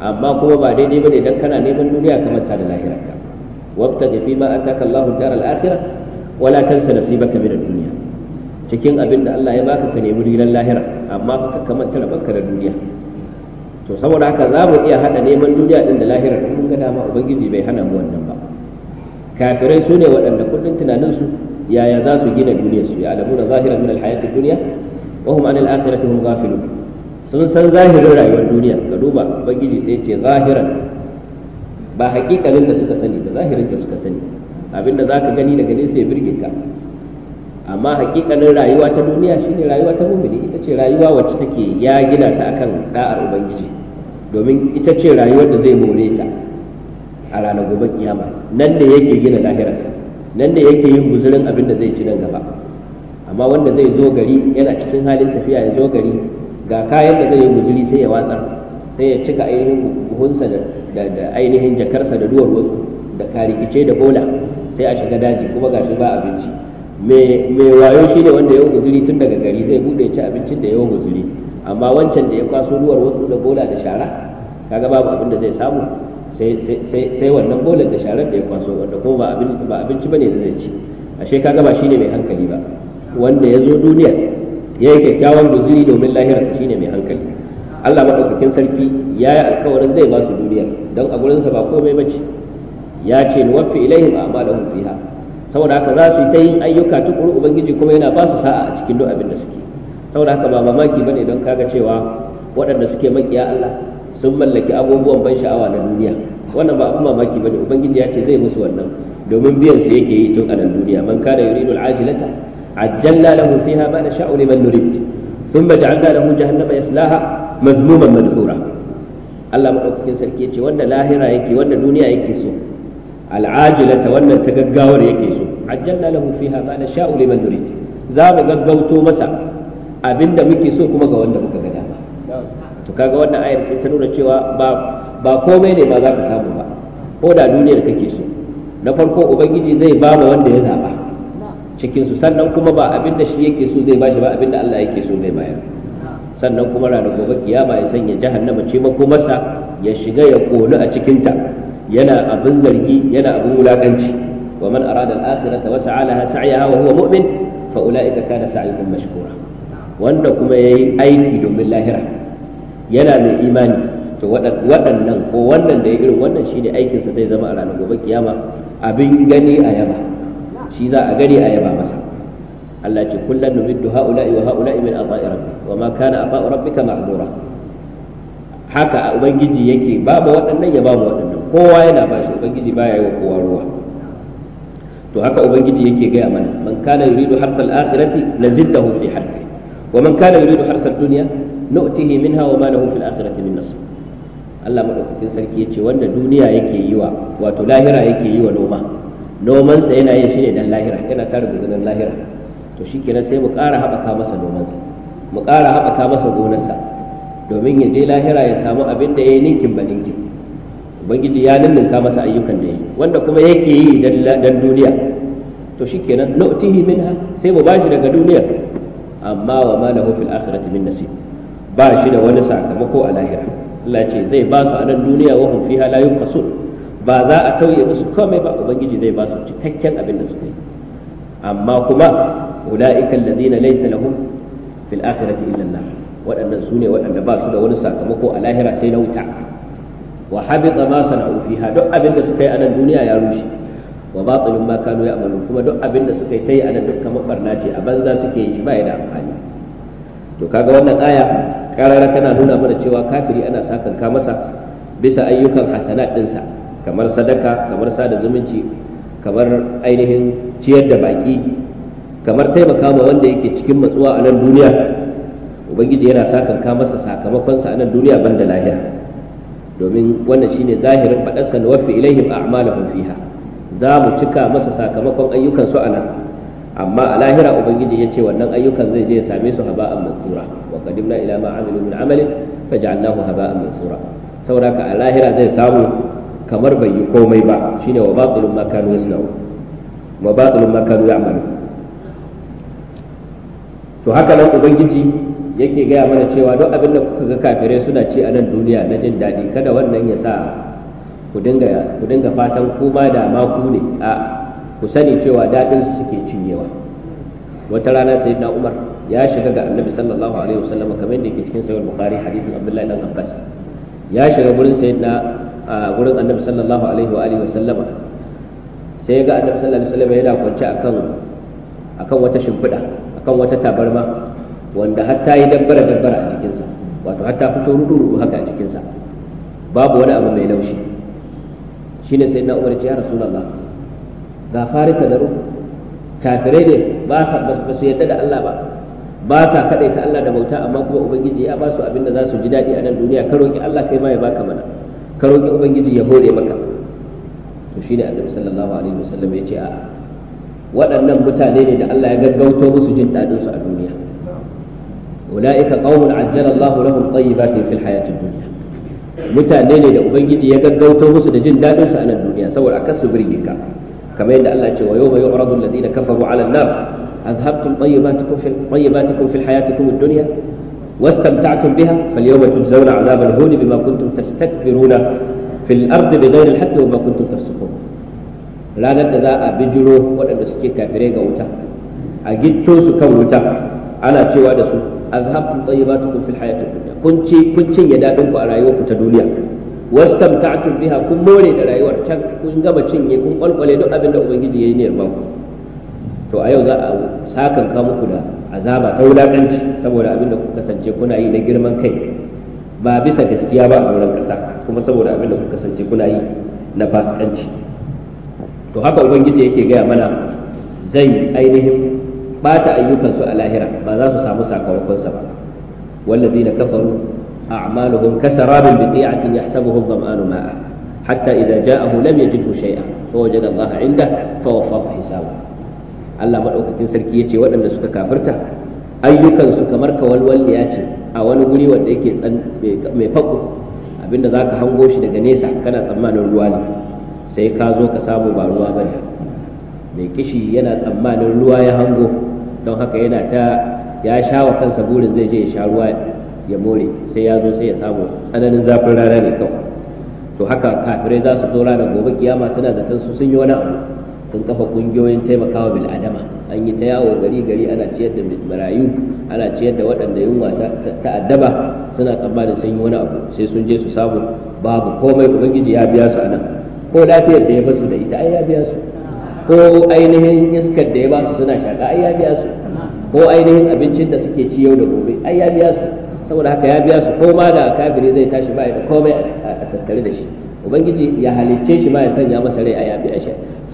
amma kuma ba daidai bane dan kana neman duniya kamar ta da lahirarka wabtaghi fi ma ataka Allahu dar al-akhirah wala tansa nasibaka min ad-dunya cikin abin da Allah ya baka ka nemi rinar lahira amma ka kamanta rabanka da duniya to saboda haka za mu iya hada neman duniya din da lahirar mun ga dama ubangiji bai hana mu wannan ba kafirai su ne waɗanda kullum tunanin su yaya za su gina duniyarsu ya alamu da zahira min al-hayati dunya wa hum an al-akhirati hum ghafilun sun san zahirin rayuwar duniya ka duba ubangiji sai ce zahiran ba hakikalin da suka sani ba zahirin da suka sani abinda za ka gani daga nesa ya birge ka amma hakikalin rayuwa ta duniya shine rayuwa ta mumini ita ce rayuwa wacce take ya gina ta akan da'ar ubangiji domin ita ce rayuwar da zai more ta a ranar gobe kiyama nan da yake gina lahirarsa nan da yake yin guzurin abin da zai ci nan gaba amma wanda zai zo gari yana cikin halin tafiya ya zo gari ga kayan da zai yi guzuri sai ya watsar sai ya cika ainihin buhunsa da ainihin jakarsa da duwar wasu da karikice da bola sai a shiga daji kuma gashi ba abinci mai wayo shi ne wanda ya yi guzuri tun daga gari zai bude ci abincin da ya yi guzuri amma wancan da ya kwaso duwar wasu da bola da shara kaga babu abin da zai samu sai wannan bolar da sharar da ya kwaso wanda kuma ba abinci bane da zai ci ashe kaga ba shine mai hankali ba wanda ya zo duniya ya yi kyakkyawan guzuri domin su shine mai hankali Allah maɗaukakin sarki ya yi alkawarin zai ba su duniya don a gurinsa ba komai ba ce ya ce ni wafi ilaihim a da fiha saboda haka za su yi ta yin ayyuka tukuru ubangiji kuma yana ba su sa'a a cikin duk abin da suke saboda haka ba mamaki ba ne don kaga cewa waɗanda suke maƙiya Allah sun mallaki abubuwan ban sha'awa na duniya wannan ba abin mamaki ba ne ubangiji ya ce zai musu wannan domin biyan su yake yi tun a nan duniya man kana yuridul ajilata عجلنا له فيها ما نشاء لمن نريد ثم جعلنا له جهنم يصلاها مذموما مدحورا Allah maɗaukakin sarki ya ce wanda lahira yake wanda duniya yake so al'ajilata wannan ta gaggawar yake so ajjalna lahu fiha ma nasha'u liman nurid za mu masa abinda muke so kuma ga wanda muka ga dama to kaga wannan ayar sai ta nuna cewa ba ba komai ne ba za ka samu ba ko da duniyar kake so na farko ubangiji zai ba wanda ya zaba cikin su sannan kuma ba abinda shi yake so zai bashi ba abinda Allah yake so zai bayar sannan kuma ranar gobe kiyama ya sanya jahannama ce masa ya shiga ya kolu a cikin ta yana abin zargi yana abin wulakanci wa man arada al-akhirata wa sa'a laha sa'yaha wa huwa mu'min fa ulaika kana sa'yuhum mashkura wanda kuma yayi aiki domin lahira yana mai imani to waɗannan ko wannan da ya irin wannan shine aikinsa zai zama a ranar gobe kiyama abin gani a yaba shi za a gani a yaba masa Allah ce kullum numiddu ha'ula'i wa ha'ula'i min ata'i rabbi wa ma kana ata'u rabbika ma'mura haka ubangiji yake babu waɗannan ya babu waɗannan kowa yana bashi ubangiji ba ya yi wa kowa ruwa to haka ubangiji yake gaya mana man kana yuridu harsa al-akhirati naziddahu fi harfi wa man kana yuridu harsa ad-dunya nu'tihi minha wa ma lahu fil akhirati min nasib Allah madaukakin sarki yace wanda duniya yake yi wa wato lahira yake yi wa noma nomansa yana yin shi ne dan lahira yana tara guzurin lahira to shi kenan sai mu ƙara haɓaka masa nomansa mu ƙara haɓaka masa gonarsa domin ya je lahira ya samu abin da ya yi ninkin ba ninkin ubangiji ya ninninka masa ayyukan da ya yi wanda kuma yake yi dan duniya to shi kenan min ha sai mu bashi daga duniya amma wa ma lahu fil akhirati min nasib ba shi da wani sakamako a lahira Allah ce zai ba su a nan duniya wa hum fiha la yunqasun ba za a tauye musu komai ba ubangiji zai ba su cikakken abin da suka yi amma kuma ula'ikal ladina laysa lahum fil akhirati illa an-nar waɗannan su ne waɗanda ba su da wani sakamako a lahira sai na wuta wa habita ma sana'u fiha duk abin da suka yi a nan duniya ya rushe wa batilun ma kanu ya'malun kuma duk abin da suka yi ta yi a nan duk kamar barna ce a banza suke yi shi ba ya da amfani to kaga wannan aya karara tana nuna mana cewa kafiri ana sakanka masa bisa ayyukan hasanat ɗinsa kamar sadaka kamar sada zumunci kamar ainihin ciyar da baki kamar taimaka ma wanda yake cikin matsuwa a nan duniya ubangiji yana kanka masa sakamakonsa a nan duniya banda lahira domin wannan shine zahirin faɗarsa na wafi ilaihim a'malahum fiha za mu cika masa sakamakon ayyukan su a nan amma a lahira ubangiji ya ce wannan ayyukan zai je ya same su haba'an mansura wa qadimna ila ma min amalin faj'alnahu haba'an mansura saboda ka a lahira zai samu kamar bai yi komai ba shine wa batilun ma kanu yasna'u wa batilun ma kanu ya'malu to haka nan ubangiji yake gaya mana cewa duk abin da kuka ga kafirai suna ci a nan duniya na jin daɗi kada wannan ya sa ku dinga ku dinga fatan kuma da maku ne a ku sani cewa daɗin su suke cinyewa wata rana sayyidina Umar ya shiga ga Annabi sallallahu alaihi wasallam kamar yadda yake cikin sahih Bukhari hadithin abdullahi dan Abbas ya shiga gurin sayyidina a gurin annabi sallallahu alaihi wa alihi wasallama sai ga annabi sallallahu alaihi wasallama yana kwance akan akan wata shimfiɗa akan wata tabarma wanda har ta yi dabbara dabbara a jikinsa wato har ta fito rudu rudu haka a jikinsa babu wani abu mai laushi shine sai na umar ce ya rasulullah ga farisa da ruhu kafirai ne ba sa ba su yarda da Allah ba ba sa kadaita Allah da bauta amma kuma ubangiji ya ba su abin da za su ji daɗi a nan duniya ka roki Allah kai ma ya baka mana ka roƙi ubangiji ya hore maka to shine annabi sallallahu alaihi wasallam ya ce a waɗannan mutane ne da Allah ya gaggauto musu jin dadin su a duniya ulaika qaumun ajjala Allahu lahum tayyibatin fil hayati dunya mutane ne da ubangiji ya gaggauto musu da jin dadin su a nan duniya saboda akas su burge ka kamar yadda Allah ya ce wa yawma yu'radu alladhina kafaru 'ala an-nar أذهبتم طيباتكم في طيباتكم في حياتكم الدنيا واستمتعتم بها فاليوم تجزون عذاب الهون بما كنتم تستكبرون في الأرض بغير الحق وما كنتم تفسقون ranar da za a bijiro waɗanda suke kafirai ga wuta a gitto su kan wuta ana cewa da su a azhabtum tayyibatukum fil hayatid dunya kun ci kun cinye dadin ku a rayuwarku ta duniya wasu wastamta'tum biha kun more da rayuwar can kun gama cinye kun kwalkwale duk abin da ubangiji yayi niyyar ba ku to a yau za a sakan ka muku da azaba ta wulakanci saboda abin da kuka kasance kuna yi na girman kai ba bisa gaskiya ba a wurin ƙasa kuma saboda abin da kuka kasance kuna yi na fasikanci to haka ubangiji yake gaya mana zai ainihin bata ayyukansu a lahira ba za su samu sakamakonsa ba والذين كفروا أعمالهم كسراب بقيعة يحسبه الظمآن ماء حتى إذا جاءه لم يجده شيئا فوجد الله عنده فوفاه حسابه Allah madaukakin sarki yace waɗanda suka kafirta ayyukansu kamar ya ce a wani guri wanda yake mai fako abinda za ka hango shi daga nesa kana tsammanin ruwa ne sai ka zo ka samu ba ruwa ba mai kishi yana tsammanin ruwa ya hango don haka yana ta ya sha wa kansa burin zai je ya sha ruwa ya more sai ya zo sai ya samu tsananin zafin rana ne kawai to haka kafirai za su zo ranar gobe kiyama suna zaton su sun yi wani abu sun kafa kungiyoyin taimakawa bil adama an yi ta yawo gari gari ana ciyar da marayu ana ciyar da waɗanda yunwa ta addaba suna tsammanin sun yi wani abu sai sun je su samu babu komai ubangiji ya biya su nan ko lafiyar da ya basu da ita ai ya biya su ko ainihin iskar da ya basu suna shaƙa ai ya biya su ko ainihin abincin da suke ci yau da gobe ai ya biya su saboda haka ya biya su ko ma da kafiri zai tashi ba da komai a tattare da shi ubangiji ya halicce shi ba ya sanya masa rai a ya biya shi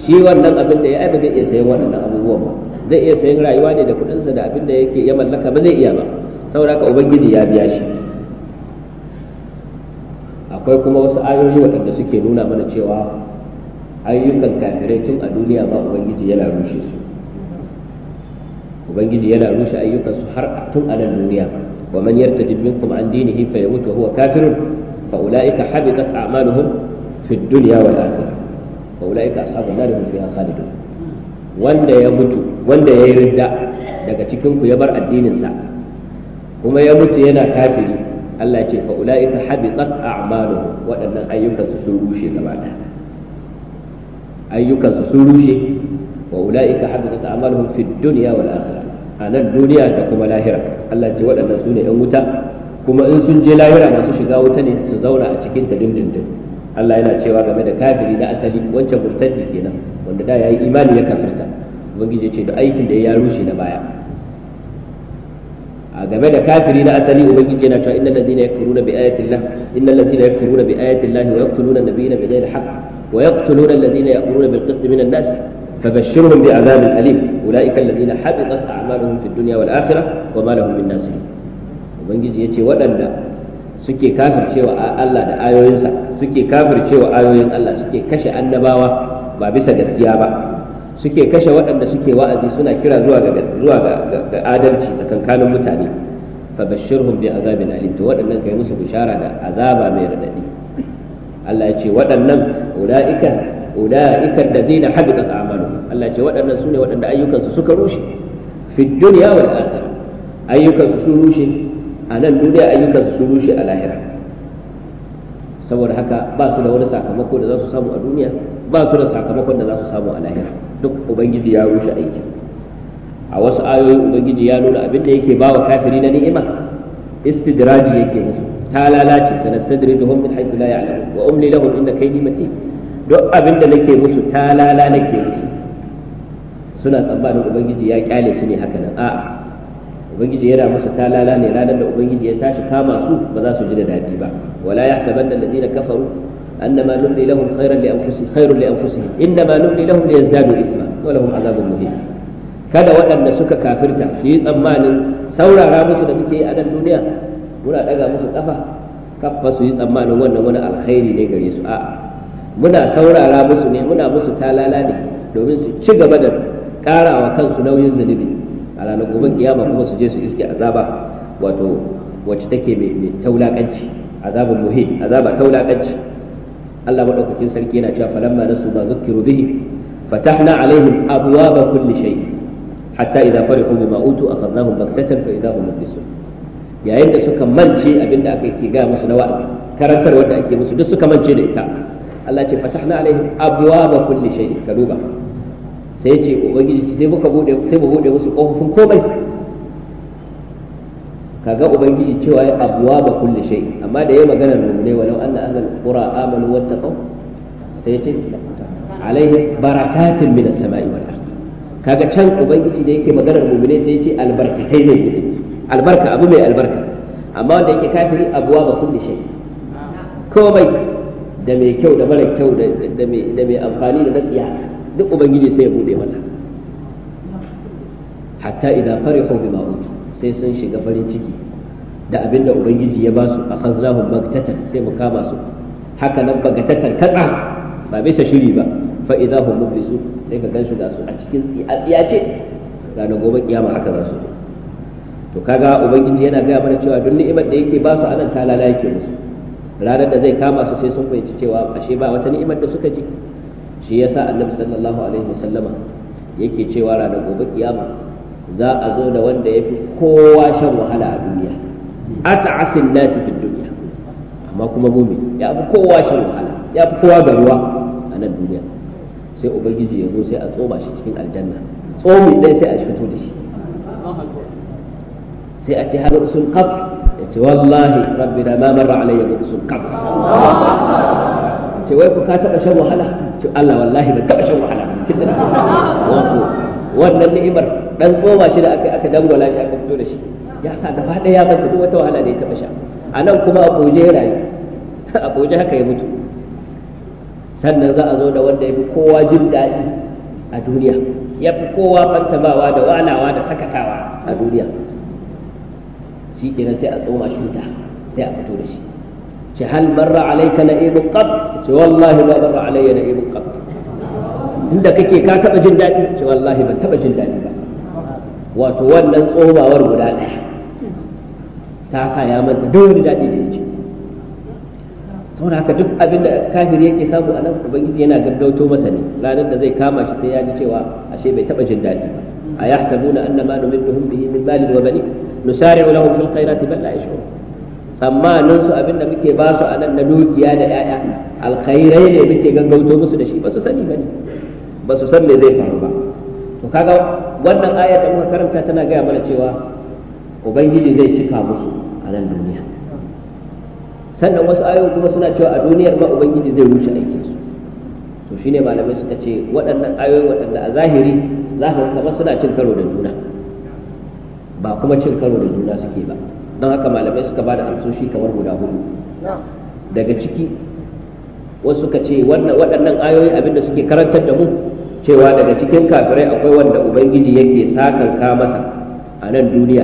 shi wannan abin da ya aiba zai iya sayan waɗannan abubuwan ba zai iya sayan rayuwa ne da kuɗinsa da abin da yake ya mallaka ba zai iya ba saboda haka ubangiji ya biya shi akwai kuma wasu ayoyi waɗanda suke nuna mana cewa ayyukan kafirai tun a duniya ba ubangiji yana rushe su ubangiji yana rushe ayyukan su har tun a nan duniya wa man yartadid minkum an dinihi fa yamut wa huwa kafirun fa ulaika habitat a'maluhum fi dunya wal akhirah fa ulaika ashabun nar hum fiha khalidun wanda ya mutu wanda ya yi ridda daga cikin ku ya bar addinin sa kuma ya mutu yana kafiri Allah ce fa ulaika habitat a'maluhum waɗannan ayyukan su sun rushe gaba ɗaya ayyukan su sun rushe wa ulaika habitat a'maluhum fid dunya wal akhirah a nan duniya da kuma lahira Allah ce waɗannan su 'yan wuta kuma in sun je lahira masu shiga wuta ne su zauna a cikin ta dindindin Allah yana cewa game da kafiri na asali wancan murtaddi kenan wanda da yayi imani ya kafirta ubangiji ce da aikin da ya rushe na baya a game da kafiri na asali ubangiji yana cewa innal ladina yakfuruna bi ayati llah innal ladina yakfuruna bi ayati llah wa yaqtuluna nabiyina bi ghayri haqq wa yaqtuluna alladina ya'muruna bil qisti minan nas فبشرهم بعذاب أليم أولئك الذين حبطت أعمالهم في الدنيا wa وما لهم من ناصرين ubangiji ya ce waɗanda suke kafircewa Allah da ayoyinsa suke cewa ayoyin Allah suke kashe annabawa ba bisa gaskiya ba suke kashe waɗanda suke wa'azi suna kira zuwa ga zuwa ga adalci tsakankanin mutane fa bashirhum bi azabin alim to waɗannan kai musu bishara da azaba mai radadi Allah ya ce waɗannan ulaika ulaika alladhina habitat amalu, Allah ya ce waɗannan sune waɗanda ayyukansu suka rushe fi dunya wal akhirah ayyukansu sun rushe a nan duniya ayyukansu sun rushe a lahira saboda haka ba su da wani sakamako da za su samu a duniya ba su da sakamakon da za su samu a lahira duk ubangiji ya rushe aiki a wasu ayoyi ubangiji ya nuna abin da yake bawa kafiri na ni'ima istidraji yake musu ta lalace sanastadrijuhum min haythu la ya'lamun wa umli lahum inna kaydi matin duk abin da nake musu ta lala nake musu suna tsammanin ubangiji ya kyale su ne haka nan a'a ubangiji yana masa talala ne ranar da ubangiji ya tashi kama su ba za su ji da dadi ba wala yahsabanna alladhina kafaru annama numli lahum khayran li anfusihim khayrun li anfusihim innama numli lahum liyazdadu ithma wa lahum adhabun muhin kada waɗanda suka kafirta su yi tsammanin saurara musu da muke yi a nan duniya muna daga musu kafa kafa su yi tsammanin wannan wani alkhairi ne gare su a'a muna saurara musu ne muna musu talala ne domin su ci gaba da ƙarawa kansu nauyin zunubi a ranar gobe kiyama kuma su je su iske azaba wato wacce take mai taulakanci azabul muhin azaba taulakanci Allah madaukakin sarki yana cewa falamma nasu ma zukkiru bihi fatahna alaihim abwaba kulli shay hatta idza farihu bima utu akhadnahum baktatan fa idza hum mublisun yayin da suka mance abinda aka yi ga musu na wa'azi karantar wanda ake musu duk suka mance da ita Allah ce fatahna alaihim abwaba kulli shay ka duba sai ce ubangiji sai muka bude sai mu bude musu kofofin komai kaga ubangiji cewa ya abuwa ba kulli shay amma da yayi magana mu'mine walau anna ahlul qura amanu wattaqu sai ce alaihi barakatun minas sama'i wal ard kaga can ubangiji da yake maganar mu'mine sai ce albarkatai ne albarka abu mai albarka amma wanda yake kafiri abuwa ba kulli shay komai da mai kyau da mara kyau da mai amfani da na tsiya duk ubangiji sai ya bude masa hatta idan farihu bi utu sai sun shiga farin ciki da abin da ubangiji ya basu a khazlahum bagtatan sai mu kama su haka nan bagtatan katsa ba bisa shiri ba fa idan hum mublisu sai ka gan shiga su a cikin tsiyace ranar gobe kiyama haka za su to kaga ubangiji yana gaya mana cewa duk ni'imar da yake ba su anan talala ke musu ranar da zai kama su sai sun fahimci cewa ashe ba wata ni'imar da suka ji shi yasa annabi sallallahu alaihi wasallama yake cewa ranar gobe kiyama za a zo da wanda ya fi kowa shan wahala a duniya ata'asin nasi fi duniya amma kuma mumin ya fi kowa shan wahala ya fi kowa garuwa a nan duniya sai ubangiji ya zo sai a tsoma shi cikin aljanna tsomi ɗaya sai a fito da shi sai a ce har sun kaf ya ce wallahi rabbi da ma marra alayya sun kaf ce wai ku ka taba shan wahala ce Allah wallahi ban taba shan wahala cin da wato wannan ni'imar dan tsoma shi da aka aka dangwala shi aka fito da shi ya sa gaba daya ya manta duk wata wahala da ya taba sha a nan kuma a ya rayu a boje haka ya mutu sannan za a zo da wanda ya fi kowa jin daɗi a duniya ya fi kowa fantamawa da walawa da sakatawa a duniya shi kenan sai a tsoma shi wuta sai a fito da shi ce hal barra alayka na'imun qat ce wallahi ba barra alayya na'imun qat inda kake ka taba jin daɗi ce wallahi ban taba jin daɗi ba wato wannan tsobawar guda ɗaya ta sa ya manta duk wani daɗi da yake saboda haka duk abin da kafiri yake samu a nan ubangiji yana gaggauto masa ne ranar da zai kama shi sai ya ji cewa ashe bai taba jin daɗi ba a yahsabuna annama numidduhum bihi min malin wa banin nusari'u lahum fil khairati bal la yash'urun tsammanin su abin da muke ba su a nan na dukiya da 'ya'ya alkhairai ne muke gaggauto musu da shi ba su sani ba ne ba su san me zai faru ba to kaga wannan ayar da muka karanta tana gaya mana cewa ubangiji zai cika musu a nan duniya sannan wasu ayoyi kuma suna cewa a duniyar ma ubangiji zai wuce aikin su to shine malamai suka ce waɗannan ayoyi waɗanda a zahiri za ka kama suna cin karo da juna ba kuma cin karo da juna suke ba don haka malamai suka ba da amsoshi kamar guda hudu daga ciki wasu suka ce waɗannan ayoyi abinda suke karantar da mu cewa daga cikin kafirai akwai wanda ubangiji yake sakanka masa a nan duniya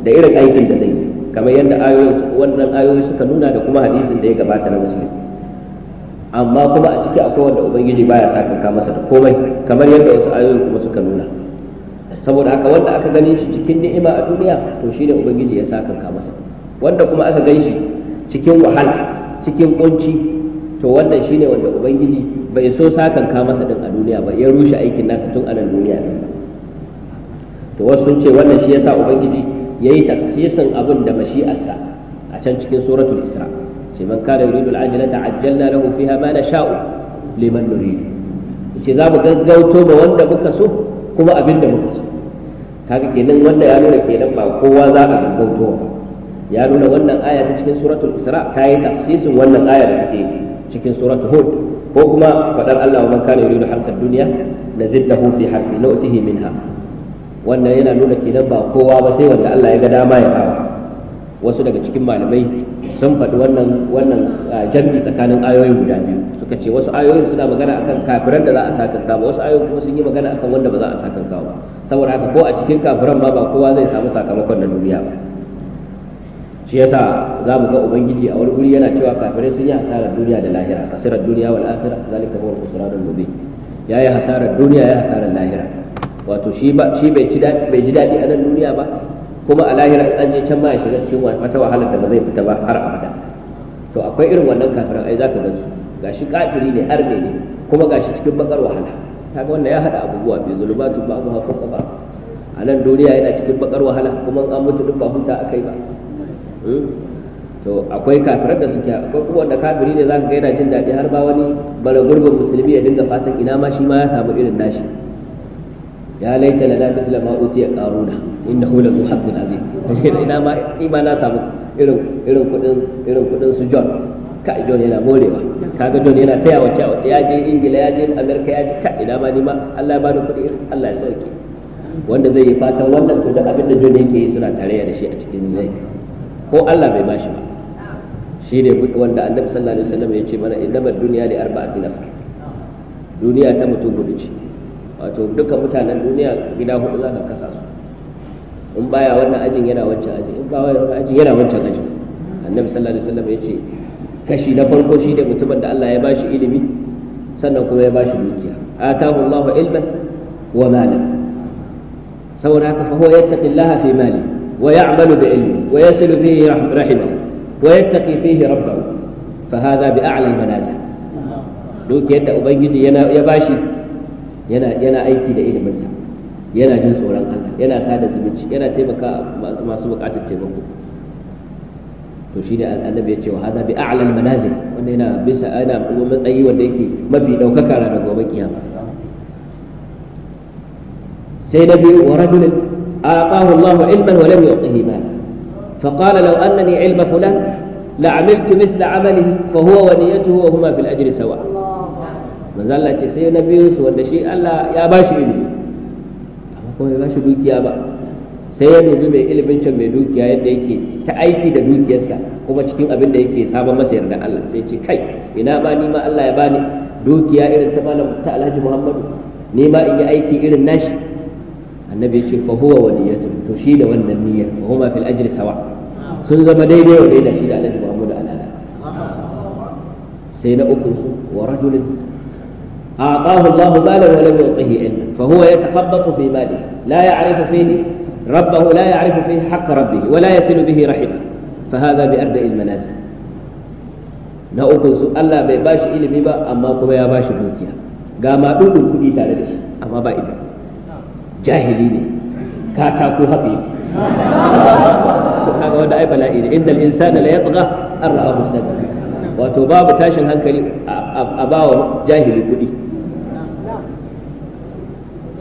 da irin aikin da zai yi kamar yadda wannan ayoyi suka nuna da kuma hadisin da ya gabata na musulun amma kuma a ciki akwai wanda ubangiji baya sakanka masa da komai kamar yadda wasu ayoyi kuma suka nuna saboda haka wanda aka gani shi cikin ni'ima a duniya to shi ne ubangiji ya saka ka masa wanda kuma aka gani shi cikin wahala cikin kunci to wannan shi ne wanda ubangiji bai so sakan ka masa din a duniya ba ya rushe aikin nasa tun anan duniya din to wasu sun ce wannan shi yasa ubangiji yayi taksisin abin da mashi'arsa a can cikin suratul isra ce man kana yuridu al-ajlata ajjalna lahu fiha ma nasha'u liman nurid ce za mu gaggauto ba wanda muka so kuma abin da muka so kaga kenan wanda ya nuna kenan ba kowa za a gaggauto ba ya nuna wannan aya ta cikin suratul isra ta yi tafsisin wannan aya da take cikin suratul hud ko kuma fadar Allah wa man kana yuridu harkar duniya nazidahu fi harfi nu'tihi minha wannan yana nuna kenan ba kowa ba sai wanda Allah ya ga dama ya bawa wasu daga cikin malamai sun faɗi wannan wannan jami'i tsakanin ayoyin guda biyu suka ce wasu ayoyin suna magana akan kafiran da za a sakanka ba wasu ayoyin kuma sun yi magana akan wanda ba za a sakanka ba saboda haka ko a cikin kafiran ma ba kowa zai samu sakamakon na duniya ba shi yasa za mu ga ubangiji a wani guri yana cewa kafirai sun yi hasarar duniya da lahira hasarar duniya wal akhirah zalika huwa al-khusranul mubin yayi hasarar duniya yayi hasarar lahira wato shi ba shi bai ci bai ji dadi a nan duniya ba kuma a lahira an je can ma ya shiga cikin wata wahalar da ba zai fita ba har abada to akwai irin wannan kafiran ai zaka ga su gashi kafiri ne har ne kuma gashi cikin bakar wahala kaga wannan ya hada abubuwa bi zulubatu babu ha fuka ba a nan duniya yana cikin bakar wahala kuma an mutu duk ba huta akai ba hmm? to akwai kafirar da suke akwai kuma wanda kafiri ne zaka ga yana jin daɗi har ba wani bara gurbin musulmi ya dinga fatan ina ma shi ma ya samu irin nashi ya laita lana misla ma utiya qaruna innahu la muhammad azim ina ma ima na samu irin irin kudin irin kudin su john kai don yana morewa kaga don yana taya wace wace ya je ingila ya je amerika ya je kai ina ma ni ma Allah ya bani kuɗi Allah ya sauke wanda zai yi fatan wannan to da abin da don yake yi suna tare da shi a cikin zai ko Allah bai bashi ba shi ne wanda annabi sallallahu alaihi wasallam ya ce mana duniya dunya li arba'ati nafar duniya ta mutum gudu ce wato duka mutanen duniya gida hudu za ka kasa su in baya wannan ajin yana wancan ajin in baya wannan ajin yana wancan ajin annabi sallallahu alaihi wasallam ya ce kashi na farko shi ne mutumin da Allah ya ba shi ilimi sannan kuma ya ba shi dukiya atahu Allahu ilman wa malan saboda haka fa huwa yattaqillaha fi mali wa ya'malu bi ilmi wa yasilu fihi rahimahu wa yattaqi fihi rabbahu fa hadha bi a'la al-manazil dukiyar da ubangiji yana ya bashi yana yana aiki da iliminsa yana jin tsoron Allah yana sada zumunci yana taimaka masu bukatar taimako to shi ne annabi ya ce wa hada bi a'lal manazil wanda yana bisa ana matsayi wanda yake mafi daukaka ranar gobe kiyama sai na biyu wa rajulin aqahu Allah ilman wa lam yu'tihi mala fa qala law annani ilma fulan la'amiltu mithla amalihi fa huwa wa niyyatuhu wa huma fil ajri sawa manzo Allah ce sai na biyu su wanda shi Allah ya bashi ilimi amma kuma ya bashi dukiya ba sai ya dubi mai ilimin can mai dukiya yadda yake ta aiki da dukiyarsa kuma cikin abin da yake sabon masa yardan Allah sai ce kai ina ma ni ma Allah ya bani dukiya irin ta malam ta Alhaji Muhammadu ni ma in yi aiki irin nashi annabi ya ce fa huwa waliyatu to shi da wannan niyyar fa huma fil ajri sawa sun zama daidai wa daidai shi da Alhaji Muhammadu alana sai na uku su wa rajulin أعطاه الله مالا ولم يعطه علما فهو يتخبط في ماله لا يعرف فيه ربه لا يعرف فيه حق ربه ولا يصل به رحمه فهذا بأردأ المنازل na ukun Allah bai bashi ilimi ba amma kuma ya bashi dukiya ga ma dudun kudi tare amma ba ita jahili ne katako haka yake kaga wanda ai bala'i ne indal insana la yatgha an wato babu tashin hankali a bawa jahili kudi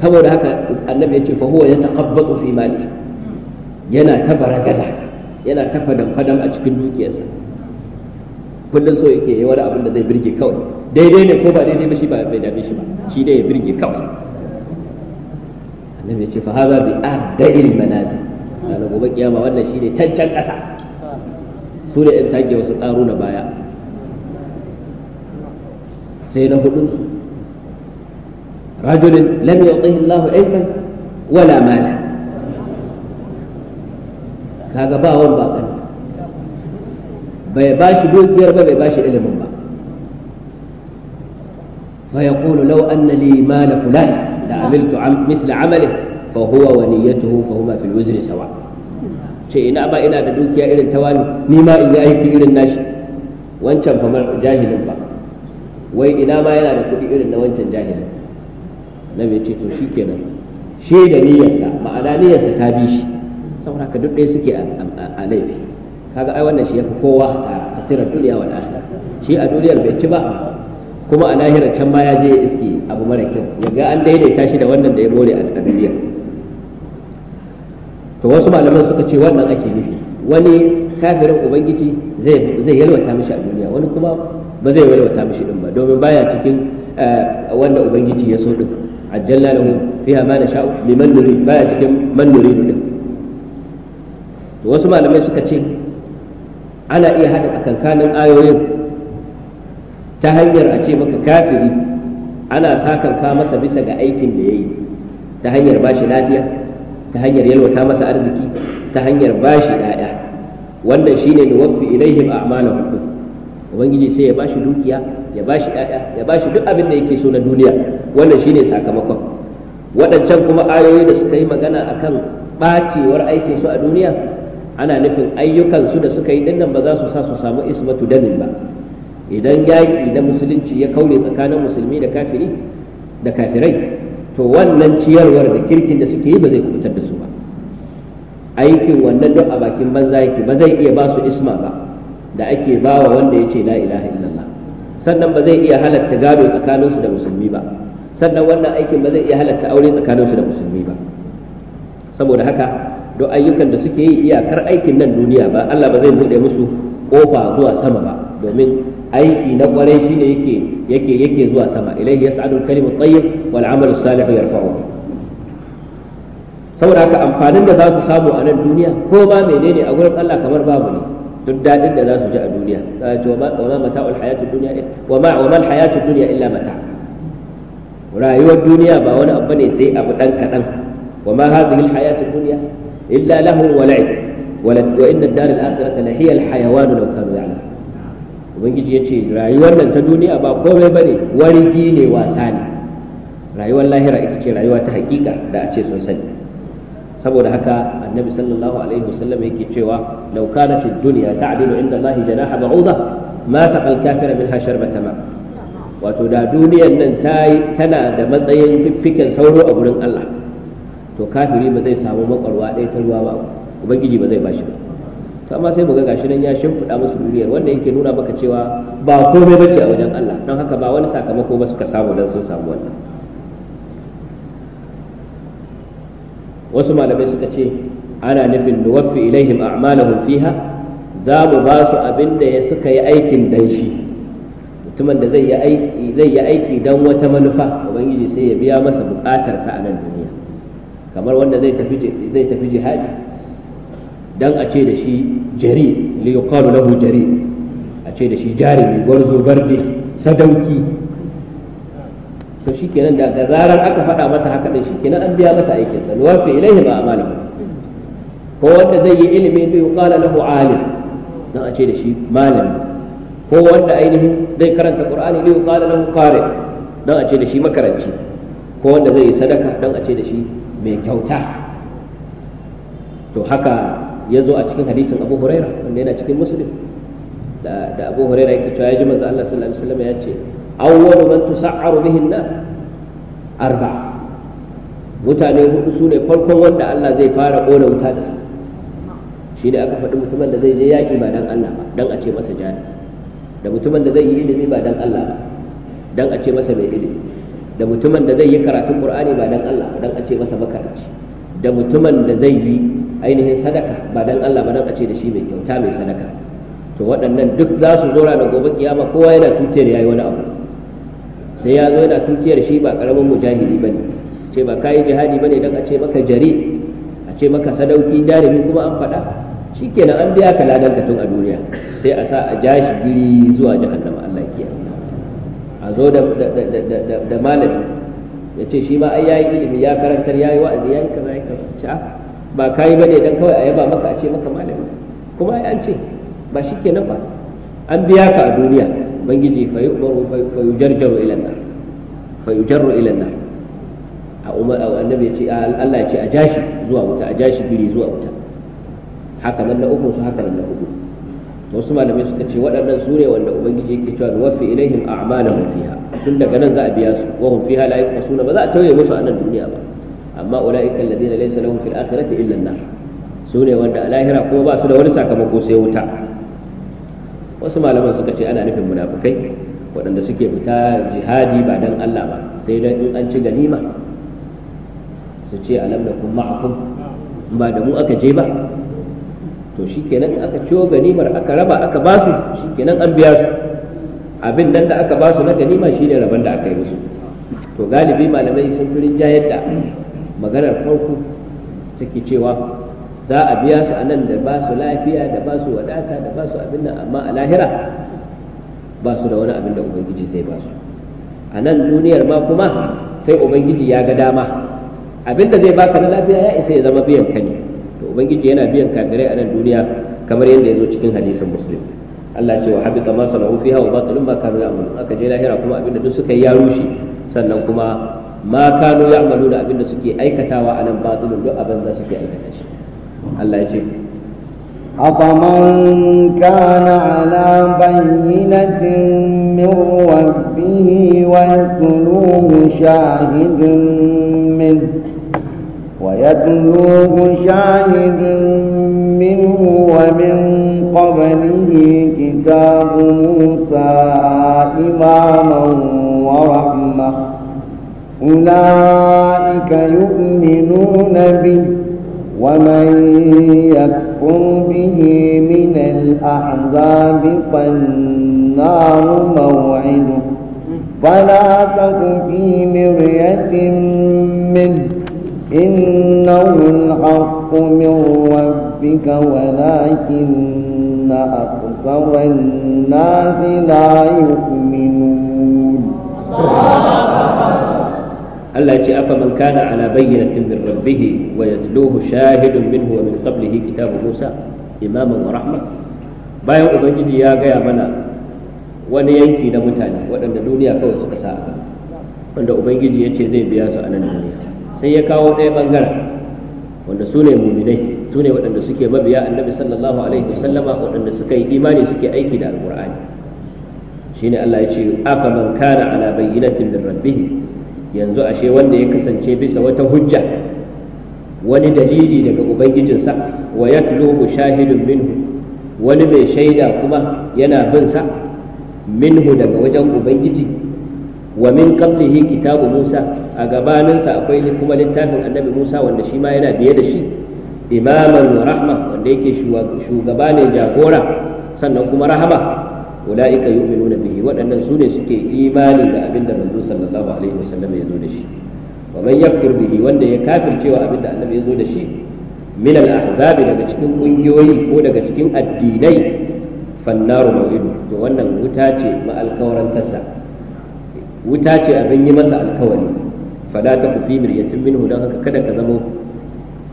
saboda haka annabi ya ce fa huwa yataqabbatu fi mali yana ta baragada yana ta fadan fadan a cikin dukiyarsa kullum so yake yi wani abin da zai birge kawai daidai ne ko ba daidai ba shi ba bai dame shi ba shi dai ya birge kawai annabi ya ce fa hadha bi arda'il manazil ranar gobe kiyama wannan shine tancan ƙasa su da yan take wasu tsaro na baya sai na hudunsu رجل لم يعطيه الله علما ولا مالا kaga ba wani ba kan bai bashi dukiyar ba bai bashi ilimin ba fa yaqulu law anna li mal fulan la amiltu mithla amali fa huwa wa niyyatuhu fa huma fil wizri sawa ce ina ba ina da dukiya irin tawani ni ma in aiki irin nashi wancan fa jahilin ba wai ina ma yana da kuɗi irin na wancan jahilin bai ce to shi kenan shi da niyyarsa ma'ana niyyarsa ta bi shi saboda ka duk ɗaya suke a laifi kaga ai wannan shi yafi kowa hasara hasirar duniya wa lahira shi a duniyar bai ci ba kuma a lahirar can ma ya je ya iske abu mara kyau yaga an daidaita shi da wannan da ya more a duniya to wasu malaman suka ce wannan ake nufi wani kafirin ubangiji zai zai yalwata mishi a duniya wani kuma ba zai yalwata mishi din ba domin baya cikin eh, wanda ubangiji ya so duka. ajjalna lahu fiha ma nasha'u liman ba ya cikin man nurid din to wasu malamai suka ce ana iya hada tsakankanin ayoyin ta hanyar a ce maka kafiri ana sakanka masa bisa ga aikin da yayi ta hanyar bashi lafiya ta hanyar yalwata masa arziki ta hanyar bashi ɗaya wannan shine da wafi ilaihim a'malahum ubangiji sai ya bashi dukiya ya bashi ƴaƴa ya shi duk abin da yake so na duniya wannan shine sakamakon waɗancan kuma ayoyi da suka yi magana akan ɓacewar aikin su a duniya ana nufin ayyukan su da suka yi dinnan ba za su sa su samu ismatu damin ba idan yaƙi na musulunci ya kaure tsakanin musulmi da kafiri da kafirai to wannan ciyarwar da kirkin da suke yi ba zai kubutar da su ba aikin wannan duk a bakin banza yake ba zai iya ba su isma ba da ake bawa wanda ya ce la ilaha sannan ba zai iya halatta gado tsakaninsu da musulmi ba sannan wannan aikin ba zai iya halatta aure tsakaninsu da musulmi ba saboda haka don ayyukan da suke yi iyakar aikin nan duniya ba Allah ba zai buɗe musu kofa zuwa sama ba domin aiki na kwarai shine yake yake yake zuwa sama ilaihi yas'adu kalimu tayyib wal amalu salihu yarfa'uhu saboda haka amfanin da za su samu a nan duniya ko ba menene a gurin Allah kamar babu ne duk daɗin da za su ji a duniya za a ce wa ma mata'ul hayatud dunya wa ma wa mal hayatud dunya illa mata rayuwar duniya ba wani abu ne sai abu dan kadan wa ma hadhihi al hayatud duniya? illa lahu wa la'ib wa inna ad-dar al akhirata la hiya al hayawan law kanu ya'lamun ubangiji yace rayuwar nan ta duniya ba komai bane warigi ne wasa ne rayuwar lahira ita ce rayuwa ta hakika da a ce sun sani saboda haka annabi sallallahu alaihi wasallam yake cewa law kanat ad-dunya ta'dilu inda Allah janaha ba'udha ma saqal kafira min sharbata batama wato da duniyan nan tayi tana da matsayin fiffiken sauro a gurin Allah to kafiri ba zai samu makwarwa ɗaya ta ruwa ba ubangiji ba zai bashi ba to amma sai mu ga gashi nan ya shimfiɗa musu duniyar wanda yake nuna maka cewa ba komai bace a wajen Allah don haka ba wani sakamako ba suka samu dan sun samu wannan wasu malamai suka ce ana nufin nuwaffi ilaihim a'malahum fiha za mu ba su abin da ya suka yi aikin dan shi mutumin da zai yi aiki dan wata manufa ubangiji sai ya biya masa bukatarsa a nan duniya kamar wanda zai tafi jihadi dan a ce da shi jari li yuqalu lahu jari a ce da shi jarimi gwarzo sadauki to shikenan da zarar aka faɗa masa haka din shikenan an biya masa aikin sa wa fi ilaihi ma amalahu ko wanda zai yi ilimi to yuqala lahu alim dan a ce da shi malami ko wanda ainihin zai karanta qur'ani to yuqala lahu qari dan a ce da shi makaranci ko wanda zai yi sadaka dan a ce da shi mai kyauta to haka ya zo a cikin hadisin abu huraira wanda yana cikin muslim da abu huraira yake cewa ya ji manzo Allah sallallahu alaihi wasallam ya ce awwalu man tus'aru bihi an-nar arba'a mutane hudu su ne farkon wanda Allah zai fara kona wuta da su shi ne aka faɗi mutumin da zai je yaƙi ba dan Allah ba dan a ce masa jani da mutumin da zai yi ilimi ba dan Allah ba dan a ce masa mai ilimi da mutumin da zai yi karatun Qur'ani ba dan Allah ba dan a ce masa makaranci da mutumin da zai yi ainihin sadaka ba dan Allah ba dan a ce da shi mai kyauta mai sadaka to waɗannan duk za su zo ranar gobe kiyama kowa yana tutar yayi wani abu sai ya zo yana tukiyar shi ba karamin mujahidi bane ce ba kai jihadi bane dan a ce maka jari a ce maka sadauki jarumi kuma an faɗa shikenan an biya ka ladan ka tun a duniya sai a sa a ja shi giri zuwa jahannama Allah ya a zo da da malami ya ce shi ma ai yayi ilimi ya karanta yayi wa'azi yayi kaza yayi kaza ce ah, ba kai bane dan kawai a yaba maka a ce maka malami kuma ai an ce ba shikenan ba an biya ka a duniya ubangiji fa yukbaru fa yujarjaru ila nar fa yujarru ila nar a umar annabi ya ce Allah ya ce a jashi zuwa wuta a jashi biri zuwa wuta haka nan na uku su haka nan na hudu to wasu malamai suka ce waɗannan su ne wanda ubangiji yake cewa wafi ilaihim a'malahum fiha tun daga nan za a biya su wa hum fiha la yuqasuna ba za a tauye musu a nan duniya ba amma ulaika alladhina laysa lahum fil akhirati illa an-nar su ne wanda a lahira kuma ba su da wani sakamako sai wuta wasu malaman suka ce ana nufin munafukai waɗanda suke fita jihadi ba dan Allah ba sai dan in an ci ganima su ce alam nakum ma'akum ba da mu aka je ba to shikenan aka ciwo ganimar aka raba aka basu shikenan an biya su abin nan da aka basu na ganima shine rabon da aka yi musu to galibi malamai sun fi rinjayar da maganar farko take cewa za a biya su a nan da ba su lafiya da ba su wadata da ba su abin nan amma a lahira ba su da wani abin da ubangiji zai ba su a nan duniyar ma kuma sai ubangiji ya ga dama abin da zai baka na lafiya ya isa ya zama biyan ka ne to ubangiji yana biyan kafirai a nan duniya kamar yadda ya zo cikin hadisin muslim Allah ce wa habita ma sana'u fiha wa batilun ma kanu ya'malun aka je lahira kuma abin da duk suka yi ya rushe sannan kuma ma kanu ya'maluna abin da suke aikatawa a nan batilun duk abin da suke aikata shi الله يجيب ce أفمن كان على بينة من ربه ويتلوه شاهد منه ويتلوه شاهد منه ومن قبله كتاب موسى إماما ورحمة أولئك يؤمنون به ومن يكفر به من الأحزاب فالنار موعده فلا تك في مرية منه إنه الحق من ربك ولكن أكثر الناس لا يؤمنون Allah ce afa man kana ala bayyinatin min wa yatluhu shahidun minhu wa min kitabu Musa imaman wa rahma bayan ubangiji ya gaya mana wani yanki na mutane waɗanda duniya kawai suka sa aka wanda ubangiji ya ce zai biya su a nan duniya sai ya kawo ɗaya bangaren wanda su ne muminai su ne waɗanda suke mabiya annabi sallallahu alaihi wasallama waɗanda suka yi imani suke aiki da alƙur'ani shine Allah ya ce afa man yanzu ashe wanda ya kasance bisa wata hujja wani dalili daga ubangijinsa wa yatlubu shahidun minhu wani mai shaida kuma yana bin sa minhu daga wajen ubangiji wa min qablihi kitabu Musa a gabaninsa akwai kuma littafin annabi Musa wanda shi ma yana biye da shi imaman wa rahma wanda yake shugaba ne jagora sannan kuma rahama ulaika yu'minuna waɗannan su ne suke imani da abin da manzo sallallahu alaihi wasallam ya zo da shi wa man yakfur bihi wanda ya kafin cewa abin da annabi ya zo da shi min al daga cikin kungiyoyi ko daga cikin addinai fannaru mawidu to wannan wuta ce ma tasa. wuta ce abin yi masa alkawari fada ta fi miryatin minhu don haka kada ka zamo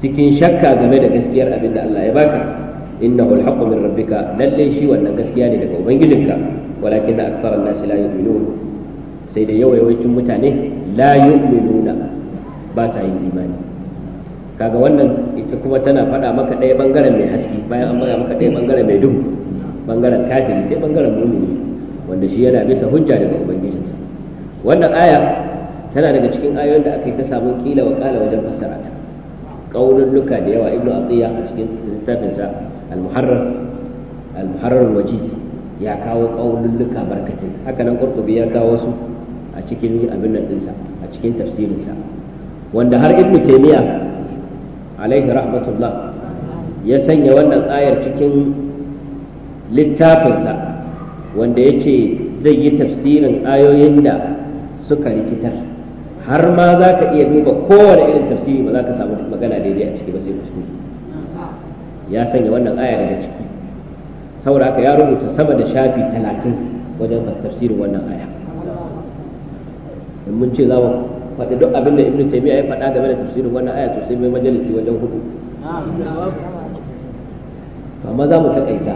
cikin shakka game da gaskiyar abin da Allah ya baka innahu alhaqqu min rabbika lalle shi wannan gaskiya ne daga ubangijinka walakin akthara an-nasi la yu'minun sai da yawayawaicin mutane la yu'minuna ba sa yin imani kaga wannan ita kuma tana faɗa maka ɗaya bangaren mai haske bayan an faɗa maka ɗaya bangaren mai duhu bangaren kafiri sai bangaren mumini wanda shi yana bisa hujja daga ubangijinsa wannan aya tana daga cikin ayoyin da aka yi ta samu kila wa kala wajen fassara ta duka da yawa ibnu atiya a cikin littafinsa al-muharrar al-muharrar ya kawo kaululluka barkatai haka nan qurtubi ya kawo su a cikin abin nan dinsa a cikin tafsirinsa wanda har ibnu taymiya alaihi rahmatullah ya sanya wannan ayar cikin littafinsa wanda ya ce zai yi tafsirin ayoyin da suka rikitar har ma za ka iya duba kowane irin tafsiri ba za ka samu magana daidai a ciki ba sai ya sanya wannan ayar daga ciki saboda haka ya rubuta sama da shafi talatin wajen tafsirin wannan aya in mun ce za mu faɗi duk abin da ibnu taymiya ya faɗa game da tafsirin wannan aya to sai mai majalisi wajen hudu amma za mu taƙaita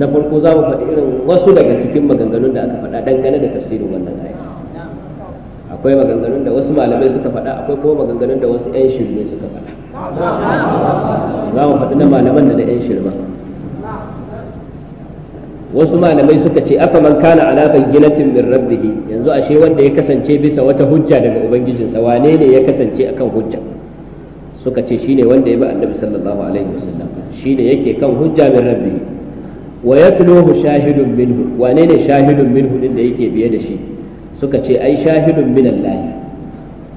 na farko za mu faɗi irin wasu daga cikin maganganun da aka faɗa dangane da tafsirin wannan aya akwai maganganun da wasu malamai suka faɗa akwai kuma maganganun da wasu 'yan shirme suka faɗa za mu faɗi na malaman da na 'yan shirma wasu malamai suka ce afa man kana ala bayyinatin min rabbih yanzu ashe wanda ya kasance bisa wata hujja daga ubangijinsa wane ne ya kasance akan hujja suka ce shine wanda ya bi annabi sallallahu alaihi wasallam shine yake kan hujja min rabbih wa yatluhu shahidun minhu wane ne shahidun minhu din da yake biye da shi suka ce ai shahidun min Allah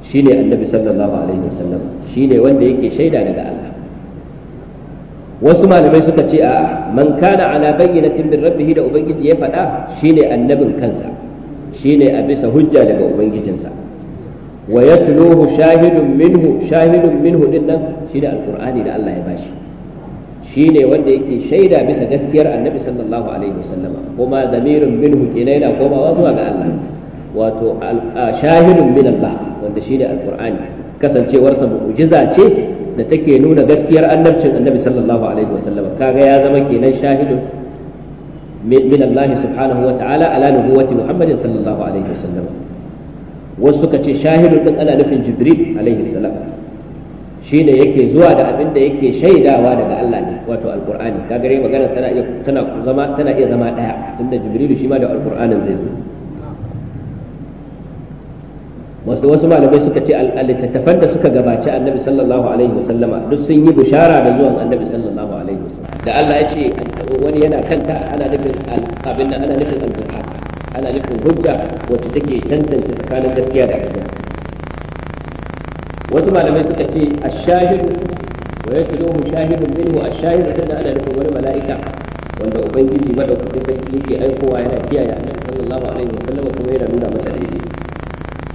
shine annabi sallallahu alaihi wasallam shine wanda yake shaida daga Allah wasu malamai suka ce a man kana ala bayyinatin min rabbihi da ubangiji ya faɗa shine annabin kansa shine a bisa hujja daga ubangijinsa wa yatluhu shahidun minhu shahidun minhu dinnan nan shine alqur'ani da Allah ya bashi shine wanda yake shaida bisa gaskiyar annabi sallallahu alaihi wasallam kuma zamirin minhu kenan yana komawa zuwa ga Allah wato shahidun min Allah wanda shine alqur'ani kasancewarsa mu'jiza ce da take nuna gaskiyar annabcin annabi sallallahu alaihi wasallam kaga ya zama kenan shahidun min Allah subhanahu wa ta'ala ala nubuwati Muhammadin sallallahu alaihi wasallam wasu suka ce shahidun din ana nufin Jibril alaihi salam shine yake zuwa da abin da yake shaidawa daga Allah ne wato alqur'ani kaga dai magana tana iya tana zama tana iya zama daya tunda Jibril shi ma da alqur'anin zai zo wasu wasu malamai suka ce littattafan da suka gabaci annabi sallallahu alaihi wasallama duk sun yi bishara da zuwan annabi sallallahu alaihi wasallama da Allah ya ce wani yana kanta ana nufin abin nan ana nufin al ana nufin hujja wacce take tantance tsakanin gaskiya da ƙarya wasu malamai suka ce ash-shahid wa yatluhu shahidun minhu ash-shahid da ana nufin wani mala'ika wanda ubangiji madaukakin sarki yake aikowa yana kiyaye annabi sallallahu alaihi wasallama kuma yana nuna masa daidai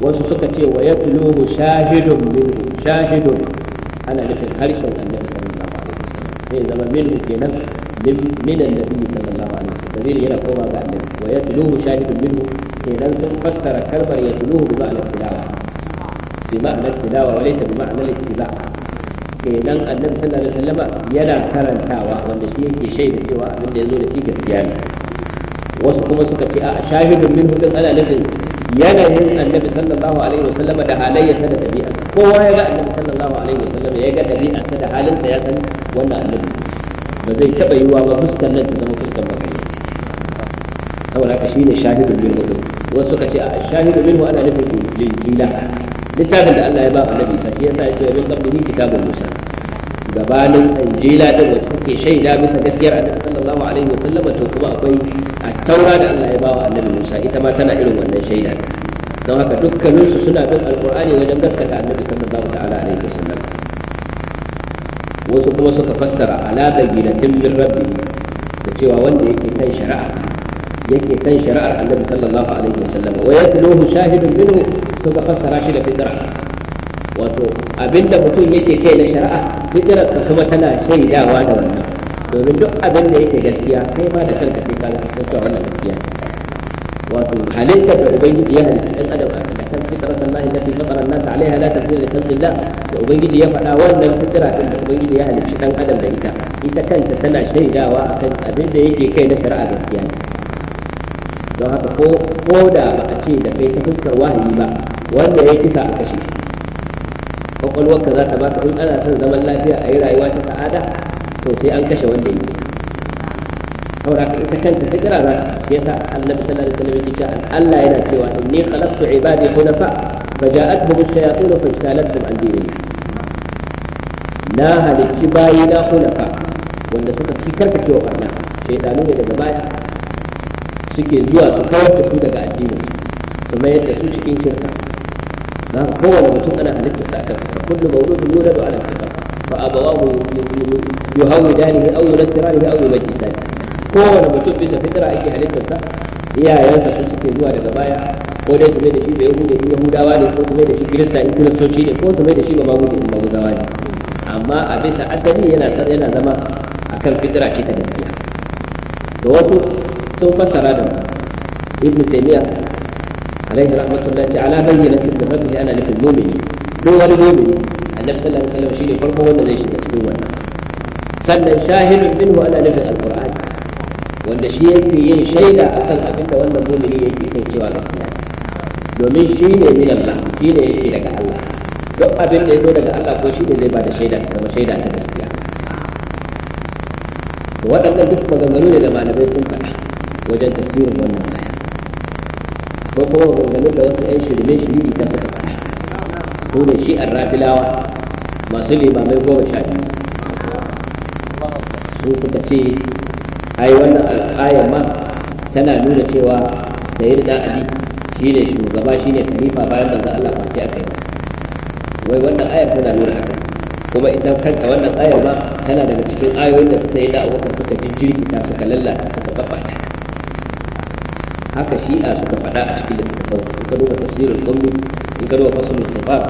wasu suka ce wa yatluhu shahidun minhu shahidun ana nufin harshen annabi sallallahu alaihi wasallam sai zama minhu kenan min annabi sallallahu alaihi wasallam dalil yana koma ga annabi wa yatluhu shahidun minhu kenan sun fassara kalmar yatluhu bi ma'anar tilawa bi ma'anar tilawa wa laysa bi ma'anar ittiba kenan annabi sallallahu alaihi wasallam yana karantawa wanda shi yake shaida cewa abin da yazo da shi gaskiya ne wasu kuma suka ce a shahidun minhu din ana nufin yanayin annabi sallallahu alaihi wasallam da halayyarsa da dabi'arsa kowa ya ga annabi sallallahu alaihi wasallam ya ga dabi'arsa da halinsa ya san wannan annabi ba zai taba yiwa ba fuskar nan ta zama fuskar magana saboda haka shine shahidul bil mutum wasu suka ce a shahidu minhu ana nufin lil jila littafin da Allah ya ba annabi sa yasa ya ce min qablihi kitabun musa gabanin injila din da suke shaida bisa gaskiyar annabi sallallahu alaihi wa sallam to kuma akwai a taura da Allah ya bawa annabi Musa ita ma tana irin wannan shaida don haka dukkanin su suna bin alqur'ani wajen gaskata annabi sallallahu ta'ala alaihi wa sallam wasu kuma suka fassara ala bayyinatin min rabbi da cewa wanda yake kan shari'a yake kan shari'ar annabi sallallahu alaihi wa sallama wa yatluhu shahidun minhu suka fassara shi da bid'a wato abinda mutum yake kai na shari'a hijrar ka kuma tana shaidawa da wannan domin duk abin da yake gaskiya kai ma da kanka sai ka san cewa wannan gaskiya wato halittar da ubangiji ya halitta dan adam a kan fitrar Allah da fitrar an-nas alaiha la tabdila li khalqillah da ubangiji ya faɗa wannan fitra din da ubangiji ya halitta dan adam da ita ita kanta tana shaidawa akan abin da yake kai na shari'a gaskiya don haka ko ko da ba a ce da kai ta fuskar wahayi ba wanda ya kisa a kashe kwakwalwarka za ta baka in ana son zaman lafiya a yi rayuwa ta sa'ada to sai an kashe wanda yi saboda ka ita kanta ta fikira za ta shi yasa annabi sallallahu alaihi wasallam yake cewa Allah yana cewa inni khalaqtu ibadi hunafa فجاءتهم الشياطين فاجتالتهم عن دين الله na halicci bayi na hunafa wanda suka fi karkace wa barna shaidanu ne daga baya suke zuwa su kawar da su daga addini su mayar da su cikin shirka dan kowane mutum ana halitta sa kan kullu mawludun yuladu ala al-fitra fa abawahu yuhawidanihi aw yunasiranihi aw yumajjisani kowane mutum bisa fitra ake halitta sa iyayensa su suke zuwa daga baya ko dai su mai da shi da yahudi in yahudawa ne ko su mai da shi kirista in kiristoci ne ko su mai da shi ba magudi in magudawa ne amma a bisa asali yana yana zama akan fitra ce ta gaskiya da wasu sun fassara da ibnu taymiya alaihi rahmatullah ce ala bayyana fi da rabbi ana nufin mumini duk wani mumini annabi sallallahu alaihi wasallam shine farko wanda zai shiga cikin wannan sannan shahidun minhu ana nufin alqur'ani wanda shi yake yin shaida akan abin da wannan mumini yake kan cewa gaskiya domin shi ne min Allah shi ne yake daga Allah duk abin da ya zo daga Allah ko shi ne zai bada shaida kuma shaida ta gaskiya waɗannan duk maganganu ne da malamai sun faɗa wajen tafsirin wannan aya ko kuma maganganun da wasu 'yan shirme shiriri ta suka faɗa ko da shi an lawa masu limamai goma sha biyu su kuka ce ai wannan al'ayar ma tana nuna cewa sayar da ali shi ne shugaba shi ne khalifa bayan manzo Allah kwanci aka yi wai wannan ayar tana nuna haka kuma ita kanta wannan ayar ma tana daga cikin ayoyin da suka yi da abubakar suka jirgita suka lallata suka babbata haka shi shi'a suka faɗa a cikin littattafan in ka duba tafsirin qurbi in ka duba fasalul khitab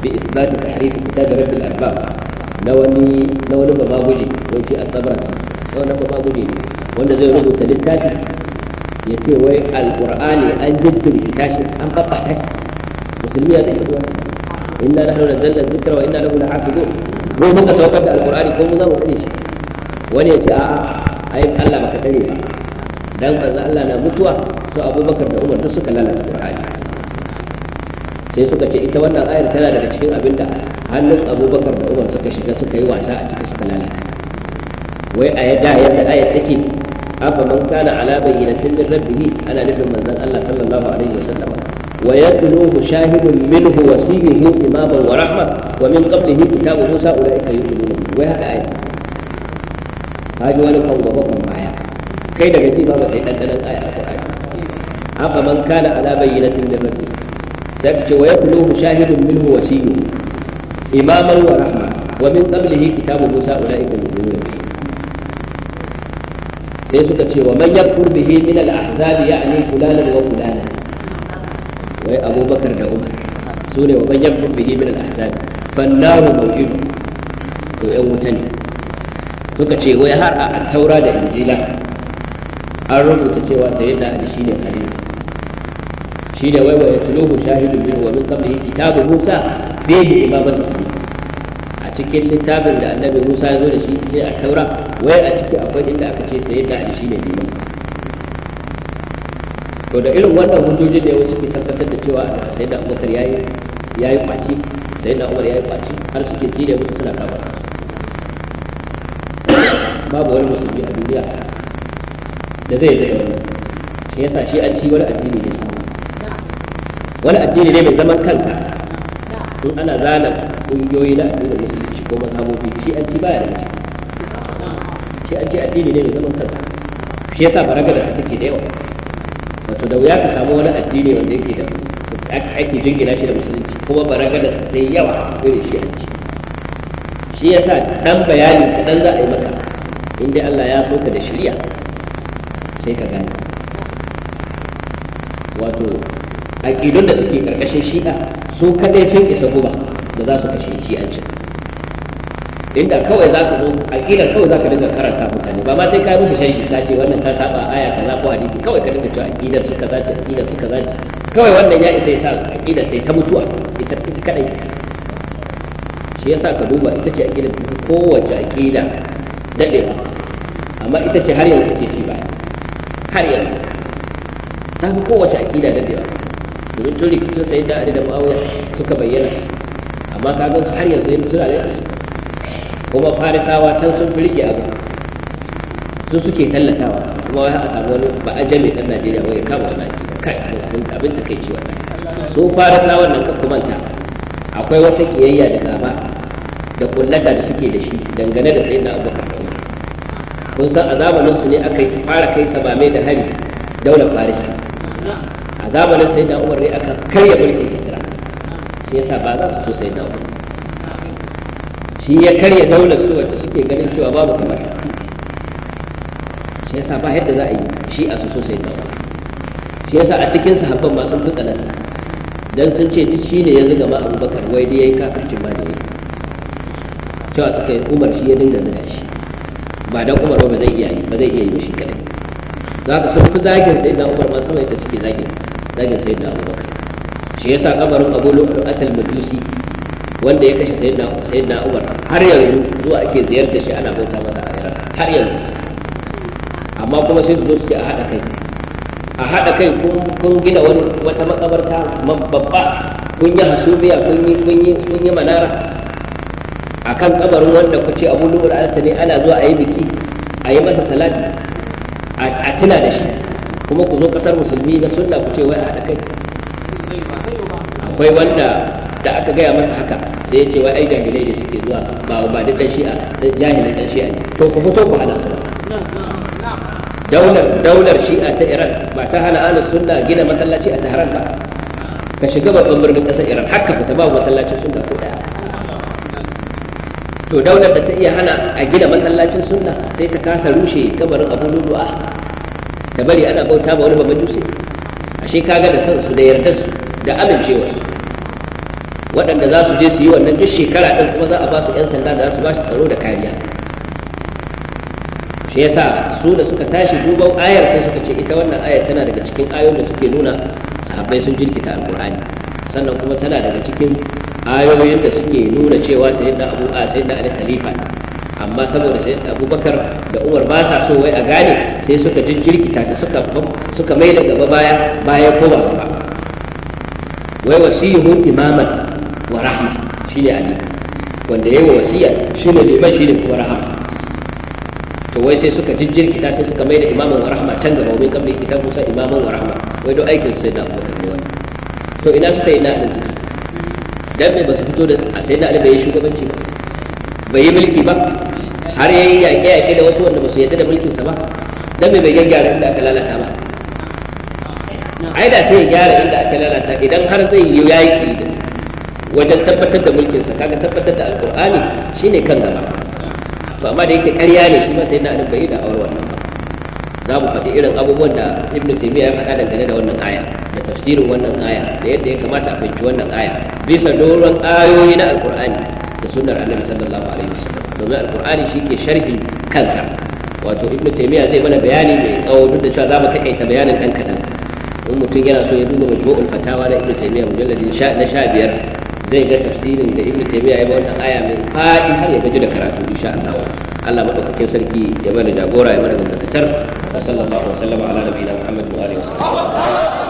bi ithbat tahrif kitab rabb al arbab na wani na wani baba guje yace at-tabarsi na wani baba guje wanda zai rubuta littafi ya ce wai alqur'ani an jinkirta shi an babbata shi musulmi ya zai ruwa inna nahnu nazzalna dhikra wa inna lahu lahafizun mu muka saukar da alqur'ani ko mu za mu kare shi wani ya ce a'a ai Allah baka tare ba dan manzo Allah na mutuwa to abubakar da umar duk suka lalata qur'ani sai suka ce ita wannan ayar tana daga cikin abin da hannun abubakar da umar suka shiga suka yi wasa a cikin suka lalata wai a yadda yadda ayar take afa man kana ala bayyinatin min rabbih ana nufin manzon Allah sallallahu alaihi wasallam wa yadluhu shahidun minhu wasiyuhu imaman wa rahma wa min qablihi kitabu musa ulaika yu'minun wai haka ayar haji wani kawo babban kai daga ji ba ba kai dandanan aya alqur'ani haka man kana ala bayyinatin min rabbi sai ka ce wa ya mu shahidun mu wasiyyu imaman wa rahma wa min qablihi kitabu musa ulaika al-mu'minun sai suka ce wa man yakfur bihi min al-ahzab ya'ni fulanan wa fulanan wai abubakar da umar su ne wa man yakfur bihi min al-ahzab fannaru mawqidu to yan wuta ne suka ce wai har a taura da injila an rubuta cewa sayyidina ali ne kare shi da wai wai tuluhu shahidu min wa min qablihi kitabu musa fihi imamatu a cikin littafin da annabi musa ya zo da shi sai a taura wai a ciki akwai inda aka ce sayyidina ali ne liman to da irin wannan hujjojin da wasu ke tabbatar da cewa sayyidina abubakar yayi yayi kwaci sayyidina umar yayi kwaci har suke tsire musu suna kafa babu wani musulmi a duniya da zai da wannan shi ya sa shi an ci wani addini ne samu wani addini ne mai zaman kansa in ana zana ƙungiyoyi na addinin musulunci ko mazhabobi shi an ci baya daga ciki shi an ci addini ne mai zaman kansa shi ya sa yasa baragada su take da yawa wato da wuya ka samu wani addini wanda yake da ake jingina shi da musulunci kuma baragada su ta yi yawa irin shi an ci shi sa dan bayani kaɗan za a yi maka in dai Allah ya so ka da shari'a sai ka gane wato aƙidun da suke ƙarƙashin shi'a su kadai sun isa guba da za su kashe shi'ancin inda kawai za ka zo aƙidar kawai za ka dinga karanta mutane ba ma sai ka musu sharhi ta ce wannan ta saba aya kaza ko hadisi kawai ka dinga cewa aƙidar su kaza ce aƙidar su kaza ce kawai wannan ya isa ya sa aƙidar ta ta mutuwa ita ita kaɗai shi yasa ka duba ita ce aƙidar kowace aƙida daɗewa amma ita ce har yanzu take ci baya har yanzu ta fi kowace aƙida da biyar domin tun rikicin sai da ali da ma'auya suka bayyana amma ka gan har yanzu yanzu suna da kuma farisawa can sun fi rike abu su suke tallatawa kuma wai a samu wani ba a jami ɗan najeriya wai kama wani aƙida kai abin ta kai ciwo su farisawa nan ka kumanta akwai wata ƙiyayya da gaba da kullata da suke da shi dangane da sayyidina abubakar kun san a zamanin su ne aka yi fara kai samame da hari daular farisa a zamanin sai da umar ne aka karya mulkin kisra shi yasa ba za su so sai da umar shi ya karya daular su wacce suke ganin cewa babu kamar ta shi yasa ba yadda za a yi shi a su so sai da umar shi yasa a cikin sahabban ma sun fi tsanarsa dan sun ce duk shi ne ya zuga ma abubakar wai dai yi kafircin ma da yi cewa suka yi umar shi ya dinga zuga shi ba dan umar ba zai iya yi ba zai iya yi shi kadai za ka sun fi zagin sai da umar ma sama yadda suke zagin zagin sai da abubakar shi yasa kabarin abu atal majusi wanda ya kashe sai da umar har yanzu zuwa ake ziyarta shi ana bauta masa a yaran har yanzu amma kuma sai su zo suke a haɗa kai a haɗa kai kun gina wani wata makabarta babba kun yi hasumiya kun yi kun yi kun yi manara kan kabarin wanda ku ce abu lubul alasta ne ana zuwa a yi biki a yi masa salati a tuna da shi kuma ku zo kasar musulmi na sunna ku ce wai a haɗa kai akwai wanda da aka gaya masa haka sai ya ce wai ai jahilai da suke zuwa ba ba da dan shi'a jahilai dan shi'a ne to ku fito ku hana su daular daular shi'a ta Iran ba ta hana ahlus sunna gina masallaci a Tehran ba ka shiga babban birnin ƙasar Iran haka ku fita babu masallacin sunna ko daya to daular da ta iya hana a gina masallacin sunna sai ta kasa rushe kabarin abu lulu'a da bari ana bauta ba wani babban dutse ashe kaga da san su da yarda su da amincewa su waɗanda za su je su yi wannan duk shekara ɗin kuma za a ba su 'yan sanda da za su ba su tsaro da kariya shi yasa su da suka tashi duban ayar sai suka ce ita wannan ayar tana daga cikin ayoyin da suke nuna sahabbai sun jirkita alkur'ani sannan kuma tana daga cikin ayoyin da suke nuna cewa sayyidina abu a sayyidina ali khalifa amma saboda sayyidina abubakar da umar ba sa so wai a gane sai suka jinkirkita ta suka suka mai da gaba baya baya ko ba gaba wai wasiyuhu imaman wa rahma shine ali wanda yayi wasiya shine liman shine kuma rahma to wai sai suka jinkirkita sai suka mai da imaman wa rahma can gaba wai kamar idan kusa imaman wa rahma wai do aikin sai da Abubakar ne wannan to ina suka yi na da dan mai ba su fito da a sai da bai yi shugabanci ba bai yi mulki ba har yayi yaƙe yaƙe da wasu wanda ba su yarda da mulkin sa ba dan mai bai gyara inda aka lalata ba ai da sai ya gyara inda aka lalata idan har zai yi yaƙi wajen tabbatar da mulkin sa kaga tabbatar da alqur'ani shine kan gaba to amma da yake ƙarya ne shi ma sai da alba yi da aure wannan ba za mu faɗi irin abubuwan da ibnu taymiya ya faɗa dangane da wannan aya tafsirin wannan aya da yadda ya kamata a fahimci wannan aya bisa doron ayoyi na alkur'ani da sunnar annabi sallallahu alaihi wasallam domin alkur'ani shi ke sharhin kansa wato ibn taymiya zai mana bayani mai tsawo duk da cewa za mu taƙaita bayanin ɗan kaɗan in mutum yana so ya duba majmu'ul fatawa na ibn taymiya mujalladin na sha biyar zai ga tafsirin da ibn taymiya ya ba wannan aya mai faɗi har ya gaji da karatu insha Allah Allah madaukakin sarki ya mana jagora ya mana gambatar wa sallallahu alaihi wasallam ala nabiyina Muhammad wa alihi wa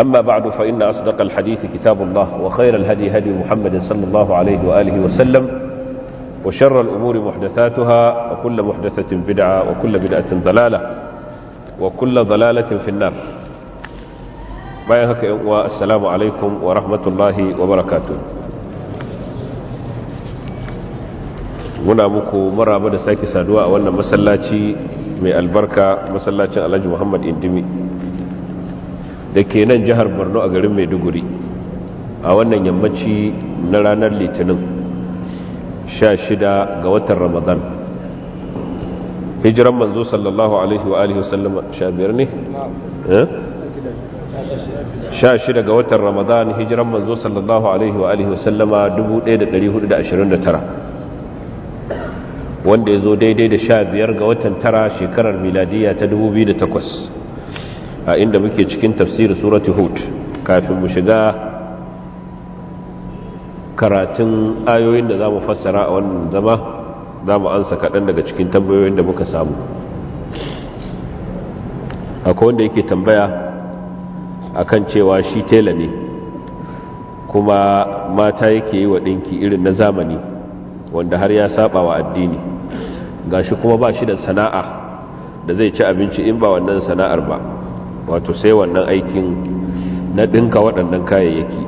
أما بعد فإن أصدق الحديث كتاب الله وخير الهدي هدي محمد صلى الله عليه وآله وسلم وشر الأمور محدثاتها وكل محدثة بدعة وكل بدعة ضلالة وكل ضلالة في النار بايهك والسلام عليكم ورحمة الله وبركاته muna muku maraba da sake saduwa a wannan masallaci mai albarka masallacin alhaji muhammad indimi da ke nan jihar borno a garin maiduguri a wannan yammaci na ranar litinin 16 ga watan ramadan hijiran manzo sallallahu alaihi wa alihi wasallama 15 ne? 16 eh? ga watan ramadan hijiran manzo sallallahu alaihi wa alihi wasallama 1429 wanda ya zo daidai da 15 ga watan tara shekarar miladiyya ta 2008 a inda muke cikin tafsirin surati hud kafin mu shiga karatun ayoyin da za mu fassara a wannan zama za mu ansa kaɗan daga cikin tambayoyin da muka samu akwai wanda yake tambaya akan cewa shi tela ne kuma mata yake yi wa ɗinki irin na zamani wanda har ya saba wa addini gashi kuma ba shi da sana'a da zai ci abinci in ba wannan sana'ar ba wato sai wannan aikin na ɗinka waɗannan kayayyaki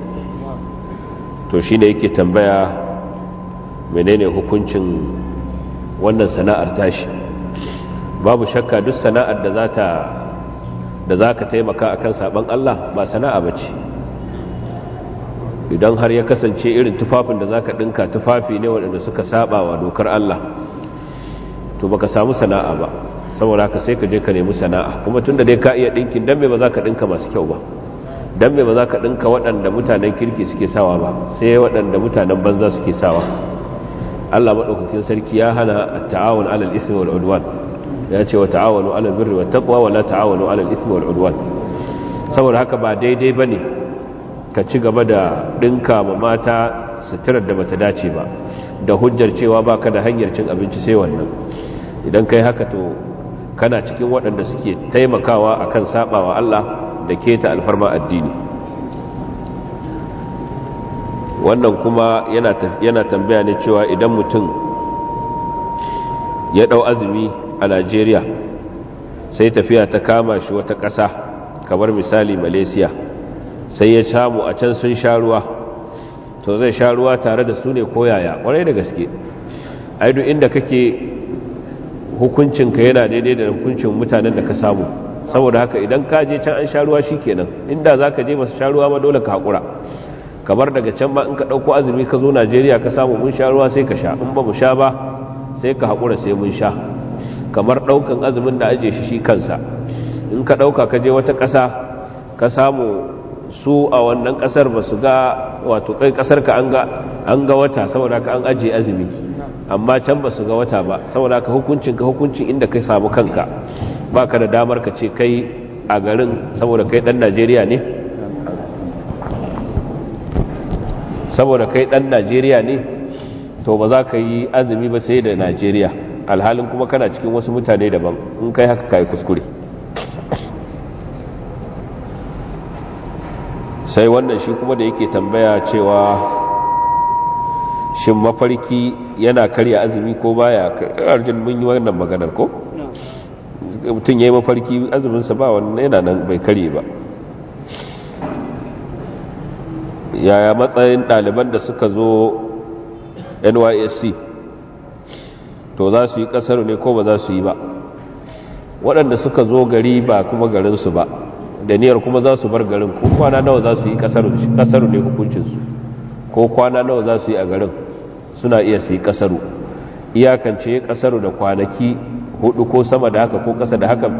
to shi ne yake tambaya menene hukuncin wannan sana'ar tashi babu shakka duk sana'ar da za ta da za ka taimaka a kan saɓon Allah ba sana'a ba ce idan har ya kasance irin tufafin da za ka ɗinka tufafi ne waɗanda suka saɓa wa dokar Allah to ba ka samu sana'a ba saboda ka sai ka je ka nemi sana'a kuma tun da dai ka iya dinkin dan me ba za ka dinka masu kyau ba dan me ba za ka dinka waɗanda mutanen kirki suke sawa ba sai waɗanda mutanen banza suke sawa Allah madaukakin sarki ya hana at-ta'awun 'alal ismi wal 'udwan ya ce wa ta'awunu 'alal birri wat taqwa wa la ta'awunu 'alal ismi wal 'udwan saboda haka ba daidai bane ka ci gaba da dinka ma mata suturar da bata dace ba da hujjar cewa baka da hanyar cin abinci sai wannan idan kai haka to kana cikin waɗanda suke taimakawa a kan saɓawa Allah da keta alfarma addini wannan kuma yana tambaya ne cewa idan mutum ya ɗau azumi a Najeriya sai tafiya ta kama shi wata ƙasa kamar misali Malaysia sai ya samu a can sun sha ruwa to zai sha ruwa tare da su ne koyaya ƙwarai da gaske ai inda kake hukuncin ka yana daidai da hukuncin mutanen da ka samu saboda haka idan ka je can an sharuwa shi kenan inda za ka je masu sharuwa ma dole ka haƙura kamar daga can ba in ka ɗauko azumi ka zo najeriya ka samu mun sharuwa sai ka sha in ba mu sha ba sai ka haƙura sai mun sha kamar ɗaukan azumin da aje shi shi kansa in ka ɗauka ka je wata ƙasa ka samu su a wannan ƙasar ba su ga wato kai ƙasar ka an ga wata saboda ka an aje azumi amma can ba su ga wata ba saboda ka hukuncin ka hukuncin inda kai samu kanka ba ka da damar ka ce kai a garin saboda kai dan najeriya ne saboda kai dan najeriya ne to ba za ka yi azumi ba sai da najeriya alhalin kuma kana cikin wasu mutane daban in kai haka ka yi kuskure sai wannan shi kuma da yake tambaya cewa shin mafarki yana karya azumi ko baya arjin mun yi wannan maganar ko mutum ya yi mafarki azuminsa ba wannan yana nan bai karye ba yaya matsayin ɗaliban da suka zo nysc to za su yi ƙasar ne ko ba za su yi ba waɗanda suka zo gari ba kuma garinsu ba da niyar kuma za su bar garin ko kwana nawa za su yi ƙasar ne hukuncinsu ko kwana nawa za su yi a garin suna iya su yi kasaru iyakance kasaru da kwanaki hudu ko sama da haka ko kasa da haka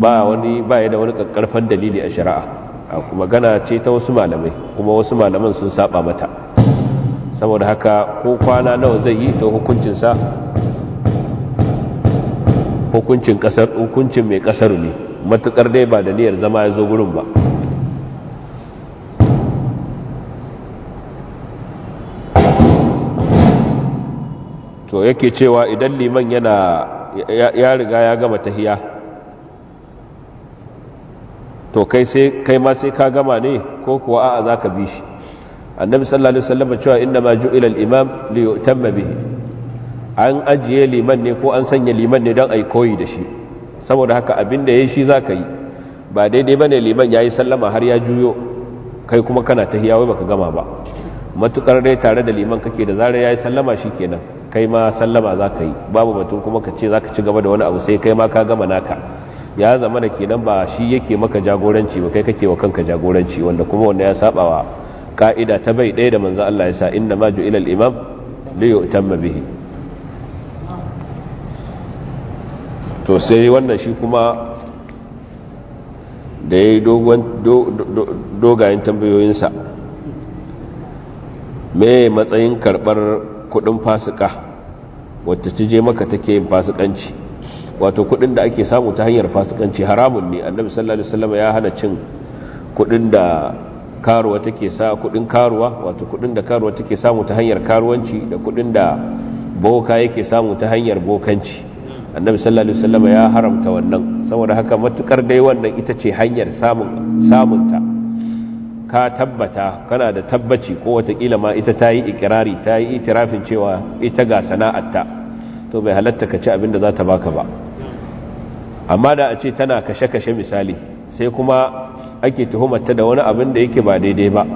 ba wani ba ya da wani kakkarfan dalili a shari'a a kuma gana ce ta wasu malamai kuma wasu malaman sun saba mata saboda haka ko kwana nawa zai yi ta hukuncinsa hukuncin mai ƙasaru ne matuƙar dai ba da niyyar zama ya zo gurin ba to yake cewa idan liman yana ya riga ya gama tahiya to kai sai kai ma sai ka gama ne ko kuwa a'a zaka bi shi annabi sallallahu alaihi wasallam cewa inna ma ju'ila al-imam li yutamma bihi an ajiye liman ne ko an sanya liman ne don ai koyi da shi saboda haka abin da yayi shi zaka yi ba daidai bane liman yayi sallama har ya juyo kai kuma kana tahiya wai baka gama ba matukar dai tare da liman kake da zarar yayi sallama shikenan kai ma sallama za ka yi babu batun kuma ka ce za ka ci gaba da wani abu sai kai ma ka gama naka ya zama da kenan ba shi yake maka jagoranci ba kai kake wa kanka jagoranci wanda kuma wanda ya saba wa ka'ida ta bai ɗaya da manzo Allah ya sa inna ma ju'ila al-imam li yu'tamma bihi to sai wannan shi kuma da yayi dogon dogayen tambayoyinsa me matsayin karbar kudin fasika wata ta je maka take yin fasikanci wato kudin da ake samu ta hanyar fasikanci haramun ne annabi sallallahu alaihi wasallam ya hana cin kudin da karuwa take sa kudin karuwa wato kudin da karuwa take samu ta hanyar karuwanci da kudin da boka yake samu ta hanyar bokanci annabi sallallahu alaihi wasallam ya haramta wannan saboda haka matukar dai wannan ita ce hanyar samun samunta ka tabbata kana da tabbaci ko watakila ma ita ta yi ikirari ta yi itirafin cewa ita ga sana'arta to bai halatta ka ci abin da za ta baka ba amma da a ce tana kashe-kashe misali sai kuma ake tuhumarta da wani abin da yake ba daidai ba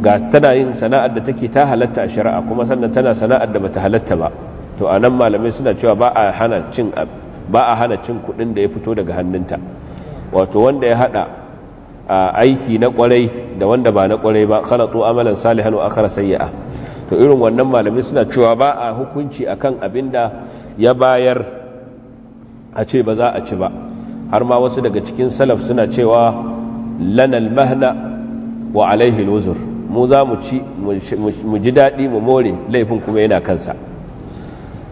ga tana yin sana'ar da take ta halatta a shari'a kuma sannan tana sana'ar da bata halatta ba to a nan malamai suna cewa ba a hana cin ba a hana cin kudin da ya fito daga hannunta wato wanda ya hada aiki na kwarai da wanda ba na kwarai ba khalatu amalan salihan wa akhara sayyi'a to irin wannan malamai suna cewa ba a hukunci akan abinda ya bayar a ce ba za a ci ba har ma wasu daga cikin salaf suna cewa lanal mahna wa alaihi luzur mu za mu ci mu ji daɗi mu more laifin kuma yana kansa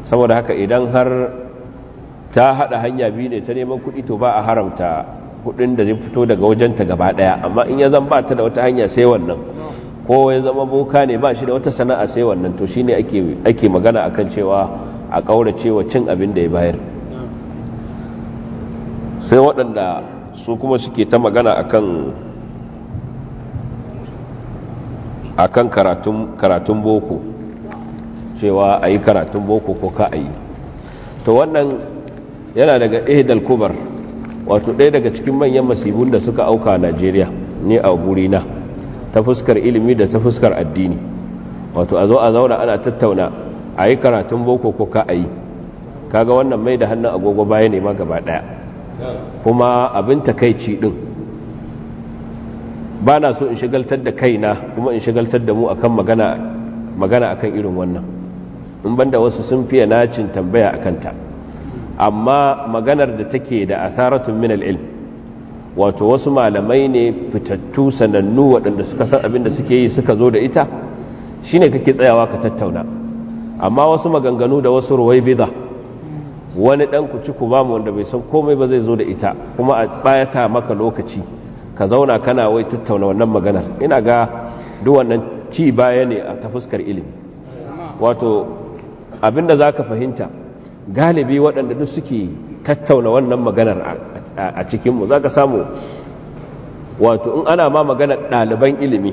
saboda haka idan har ta haɗa hanya biyu ne ta neman kuɗi to ba a haramta kudin da zai fito daga wajenta gaba daya amma in ya zama ba ta da wata hanya sai wannan ko ya zama boka ne ba shi da wata sana'a sai wannan to shine ake ake magana akan cewa a kaurace wa cin abin da ya bayar sai waɗanda su kuma suke ta magana akan akan karatun karatun boko cewa ayi karatun boko ko ka ayi to wannan yana daga ihdal kubar wato ɗaya daga cikin manyan masibun da suka auka a najeriya ne a gurina ta fuskar ilimi da ta fuskar addini wato a zo a zauna ana tattauna a yi karatun boko ko ka a yi kaga wannan mai da hannun agogo baya ne ma gaba ɗaya kuma abin takaici ɗin ba na so in shigaltar da kai na kuma in shigaltar da mu akan magana magana akan irin wannan in banda wasu sun fiye nacin tambaya akan ta amma maganar da take da asaratun min al-ilm wato wasu malamai ne fitattu sanannu waɗanda suka san abin da suke yi suka zo da ita shine kake tsayawa ka tattauna amma wasu maganganu da wasu ruwai biza wani dan ku ci ku ba wanda bai san komai ba zai zo da ita kuma a bayata maka lokaci ka zauna kana wai tattauna wannan maganar ina ga duk wannan ci baya ne a ta fuskar ilimi wato za ka fahimta galibi waɗanda duk suke tattauna wannan maganar a cikinmu za ka samu wato in ana ma maganar ɗaliban ilimi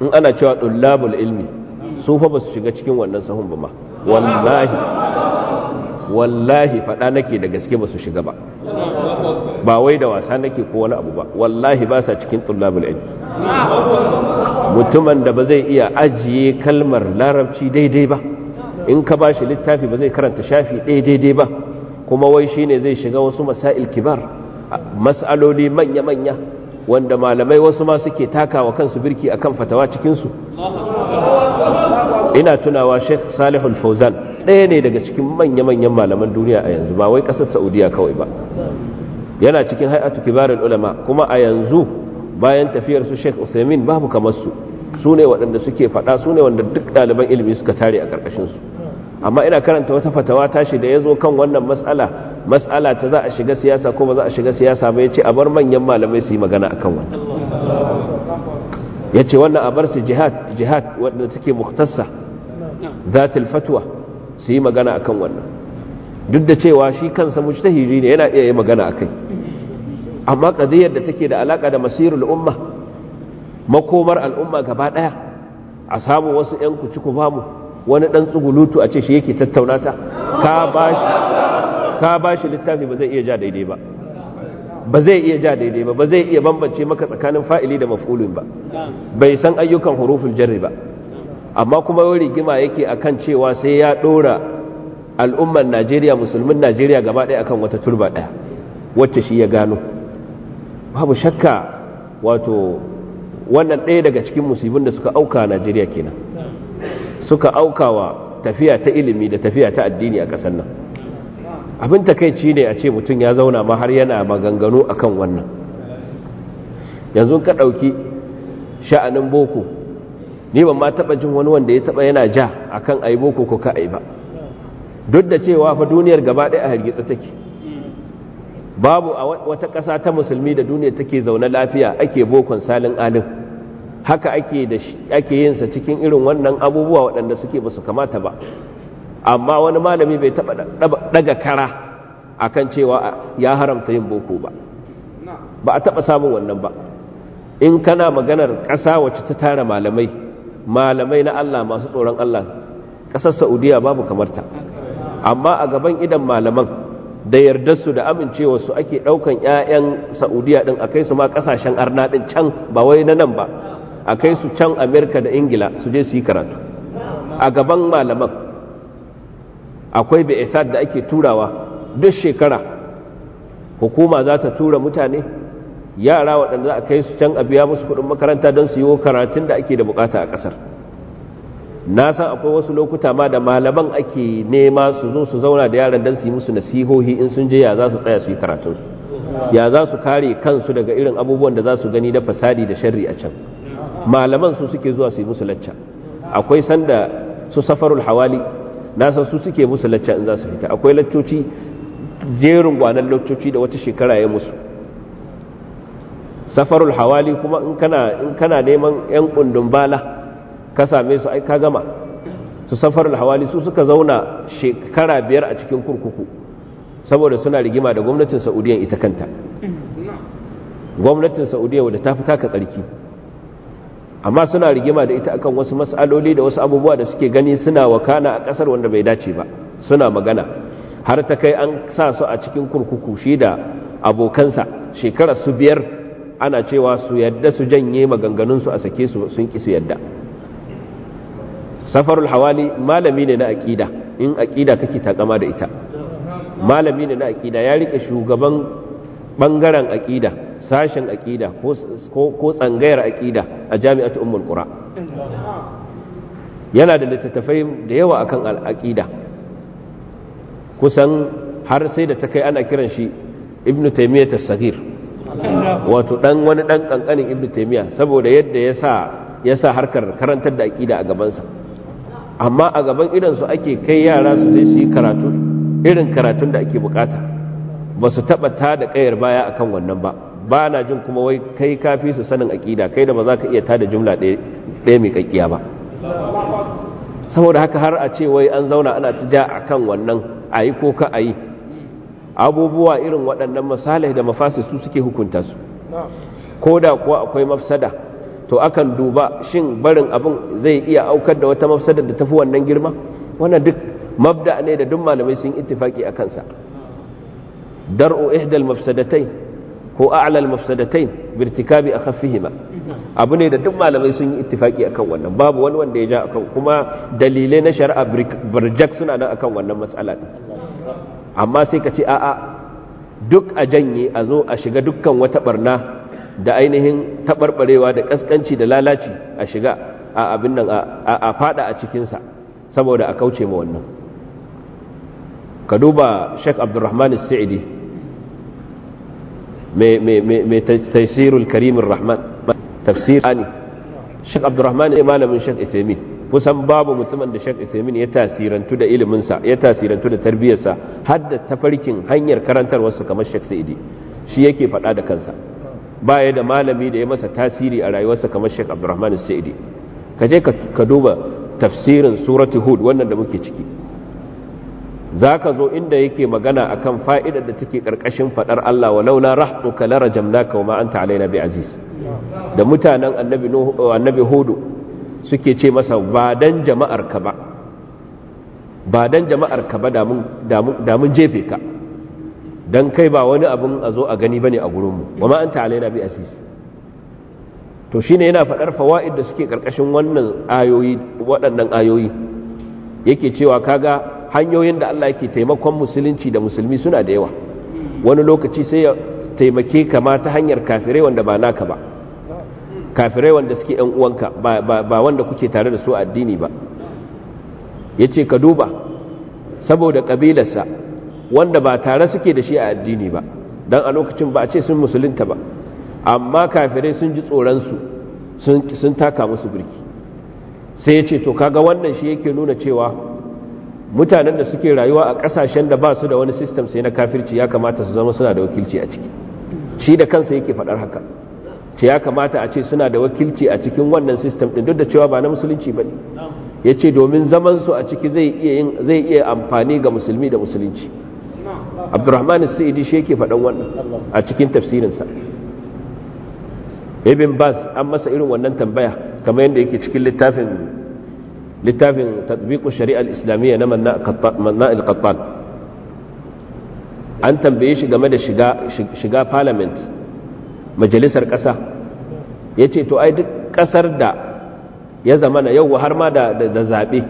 in ana cewa ɗullabul ilmi su fa ba su shiga cikin wannan sahun ba ma wallahi wallahi faɗa nake da gaske ba su shiga ba ba wai da wasa nake ko wani abu ba wallahi ba sa cikin ɗullabul ilmi mutumin da ba zai iya ajiye kalmar larabci daidai ba in ka ba shi littafi ba zai karanta shafi ɗaya daidai ba kuma wai shi ne zai shiga wasu masail kibar mas'aloli manya-manya wanda malamai wasu ma suke takawa kansu birki a kan fatawa cikinsu ina tunawa sheikh salihul fauzan ɗaya ne daga cikin manya-manyan malaman duniya a yanzu ba wai ƙasar saudiya kawai ba yana cikin hay'atu kibarin ulama kuma a yanzu bayan tafiyar su sheikh usaimin babu kamar su su ne waɗanda suke faɗa su ne wanda duk ɗaliban ilimi suka tare a ƙarƙashinsu amma ina karanta wata fatawa tashi da ya zo kan wannan matsala matsala ta za a shiga siyasa ko ba za a shiga siyasa ba ya ce a bar manyan malamai su yi magana a kan wannan ya ce wannan a bar su jihad jihad wadda take muhtassa zatil fatwa su yi magana a kan wannan duk da cewa shi kansa hijiri ne yana iya yi magana a kai amma kadiyar da take da alaka da masirul umma makomar al'umma gaba ɗaya a samu wasu 'yan ku bamu wani dan tsugulutu a ce shi yake tattauna ta ka bashi littafi ba zai iya ja daidai ba ba zai iya ja daidai ba ba zai iya bambance maka tsakanin fa'ili da maf'ulin ba bai san ayyukan hurufin jarri ba amma kuma wani rigima yake akan cewa sai ya dora al'ummar Najeriya musulmin Najeriya gaba ɗaya akan wata turba ɗaya wacce shi ya gano babu shakka wato wannan ɗaya daga cikin musibin da suka auka a Najeriya kenan suka aukawa tafiya ta ilimi da tafiya ta addini a ƙasar nan abin takaici ne a ce mutum ya zauna ma har yana maganganu a kan wannan yanzu ka ɗauki sha'anin boko ni ban ma taɓa jin wani wanda ya taɓa yana ja akan ayi boko ko ka ba duk da cewa fa duniyar gaba ɗaya a hargitsa take babu a wata ƙasa ta musulmi da duniya take zaune lafiya ake bokon salin alin haka ake da ake yin sa cikin irin wannan abubuwa waɗanda suke ba su kamata ba amma wani malami bai taba daga kara akan cewa ya haramta yin boko ba ba a taba samun wannan ba in kana maganar ƙasa wacce ta tara malamai malamai na Allah masu tsoron Allah ƙasar Saudiya babu kamarta amma a gaban idan malaman da yarda su da amincewa su ake ɗaukan 'ya'yan saudiya din a kai su ma kasashen arna ɗin can ba wai na nan ba a kai su can amerika da ingila su je su yi karatu a gaban malaman akwai be'isad da ake turawa duk shekara hukuma za ta tura mutane yara waɗanda za a kai su can a biya musu kuɗin makaranta don su yi karatun da ake da bukata a ƙasar na san akwai wasu lokuta ma da malaman ake nema su zo su zauna da yaran don su yi musu nasihohi in sun je ya za su tsaya su yi karatunsu ya za su kare kansu daga irin abubuwan da za su gani da fasadi da sharri a can malaman su suke zuwa su yi musu lacca akwai sanda su safarul hawali na san su suke musu lacca in za su fita akwai laccoci jerin gwanan laccoci da wata shekara ya musu safarul hawali kuma in kana in kana neman yan kundin bala ka same su ai ka gama su safarul hawali su suka zauna shekara biyar a cikin kurkuku saboda suna rigima da gwamnatin saudiyan ita kanta gwamnatin saudiya wadda ta fi taka tsarki amma suna rigima da ita akan wasu mas'aloli da wasu abubuwa da suke gani suna wakana a kasar wanda bai dace ba suna magana har ta kai an sa su a cikin kurkuku shi da abokansa shekara su biyar ana cewa su yadda su janye maganganunsu a sake su sun ki su yadda safarul hawali malami ne na aƙida in aƙida kake takama da ita malami ne na aƙida ya rike shugaban Bangaren aƙida sashen aƙida ko tsangayar aƙida a jami'atu ummul qura yana da littattafai da yawa akan al'aƙida kusan har sai da ta kai ana kiran shi ibn taimiyya ta wato ɗan wani ɗan ƙanƙanin ibn taimiyya saboda yadda ya sa harkar karantar da aƙida a gabansa amma a gaban su ake kai yara su je su yi karatu irin karatun da ake bukata ba su taɓa da kayar baya akan wannan ba ba na jin kuma wai kai kafi su sanin aƙida kai da ba za ka iya ta da jumla ɗaya mai ƙaƙiya ba saboda haka har a ce wai an zauna ana ta ja kan wannan a yi ko ka a yi abubuwa irin waɗannan masalai da mafasi su suke hukunta su ko da kuwa akwai mafsada to akan duba shin barin abin zai iya aukar da wata mafsada da tafi wannan girma wannan duk mabda ne da duk malamai sun ittifaki a kansa dar'u ihdal mafsadatain ko a'lal mafsadatain birtikabi akhaffihima abu ne da duk malamai sun yi ittifaki akan wannan babu wani wanda ya ja akan kuma dalilai na shari'a birjak suna nan akan wannan matsala amma sai ka ce a'a duk a janye a zo a shiga dukkan wata barna da ainihin taɓarɓarewa da ƙasƙanci da lalaci a shiga a abin nan a fada a cikinsa saboda a kauce ma wannan ka duba sheik abdulrahman sa'idi mai tafsirul karimin rahman tafsir ani shek abdurrahman ne malamin shek isemin kusan babu mutumin da shek isemin ya tasirantu da iliminsa ya tasirantu da tarbiyyarsa har da tafarkin hanyar karantarwarsa kamar shek sa'idi shi yake faɗa da kansa ba ya da malami da ya masa tasiri a rayuwarsa kamar shek abdurrahman sa'idi ka je ka duba tafsirin surati hud wannan da muke ciki za ka zo inda yake magana a kan fa'idar da take ƙarƙashin faɗar Allah wa laula ka lara jamnaka wa ma'anta na bi aziz da mutanen annabi hudu suke ce masa ba don jama'arka ba ba don ka ba damun jefe ka don kai ba wani abin a zo a gani ba ne a gurinmu wa ma'anta na bi aziz to shi ne yana faɗar fawa'id da suke ƙarƙashin wannan ayoyi waɗannan ayoyi yake cewa kaga hanyoyin da Allah yake taimakon musulunci da musulmi suna da yawa wani lokaci sai ya taimake ka ma ta hanyar kafirai wanda ba naka ba kafirai wanda suke ɗan uwanka ba wanda kuke tare da su addini ba ya ce ka duba saboda kabilarsa wanda ba tare suke da shi a addini ba don a lokacin ba a ce sun musulunta ba amma kafirai sun ji tsoronsu sun taka musu birki sai ya ce to kaga wannan shi yake nuna cewa mutanen da suke rayuwa a kasashen da ba su da wani sistem sai na kafirci ya kamata su zama suna da wakilci a ciki shi da kansa yake faɗar haka ce ya kamata a ce suna da wakilci a cikin wannan system ɗin duk da cewa ba na musulunci ba ne ya ce domin zamansu a ciki zai iya amfani ga musulmi da musulunci abdurrahman sa'idi shi yake faɗan wannan a cikin tafsirinsa ibn bas an masa irin wannan tambaya kamar yadda yake cikin littafin littafin tatbiqu shari'a islamiyya na manna al-qattan an tambaye shi game da shiga parliament majalisar ƙasa ya ce to ai duk ƙasar da ya na yau har ma da zaɓe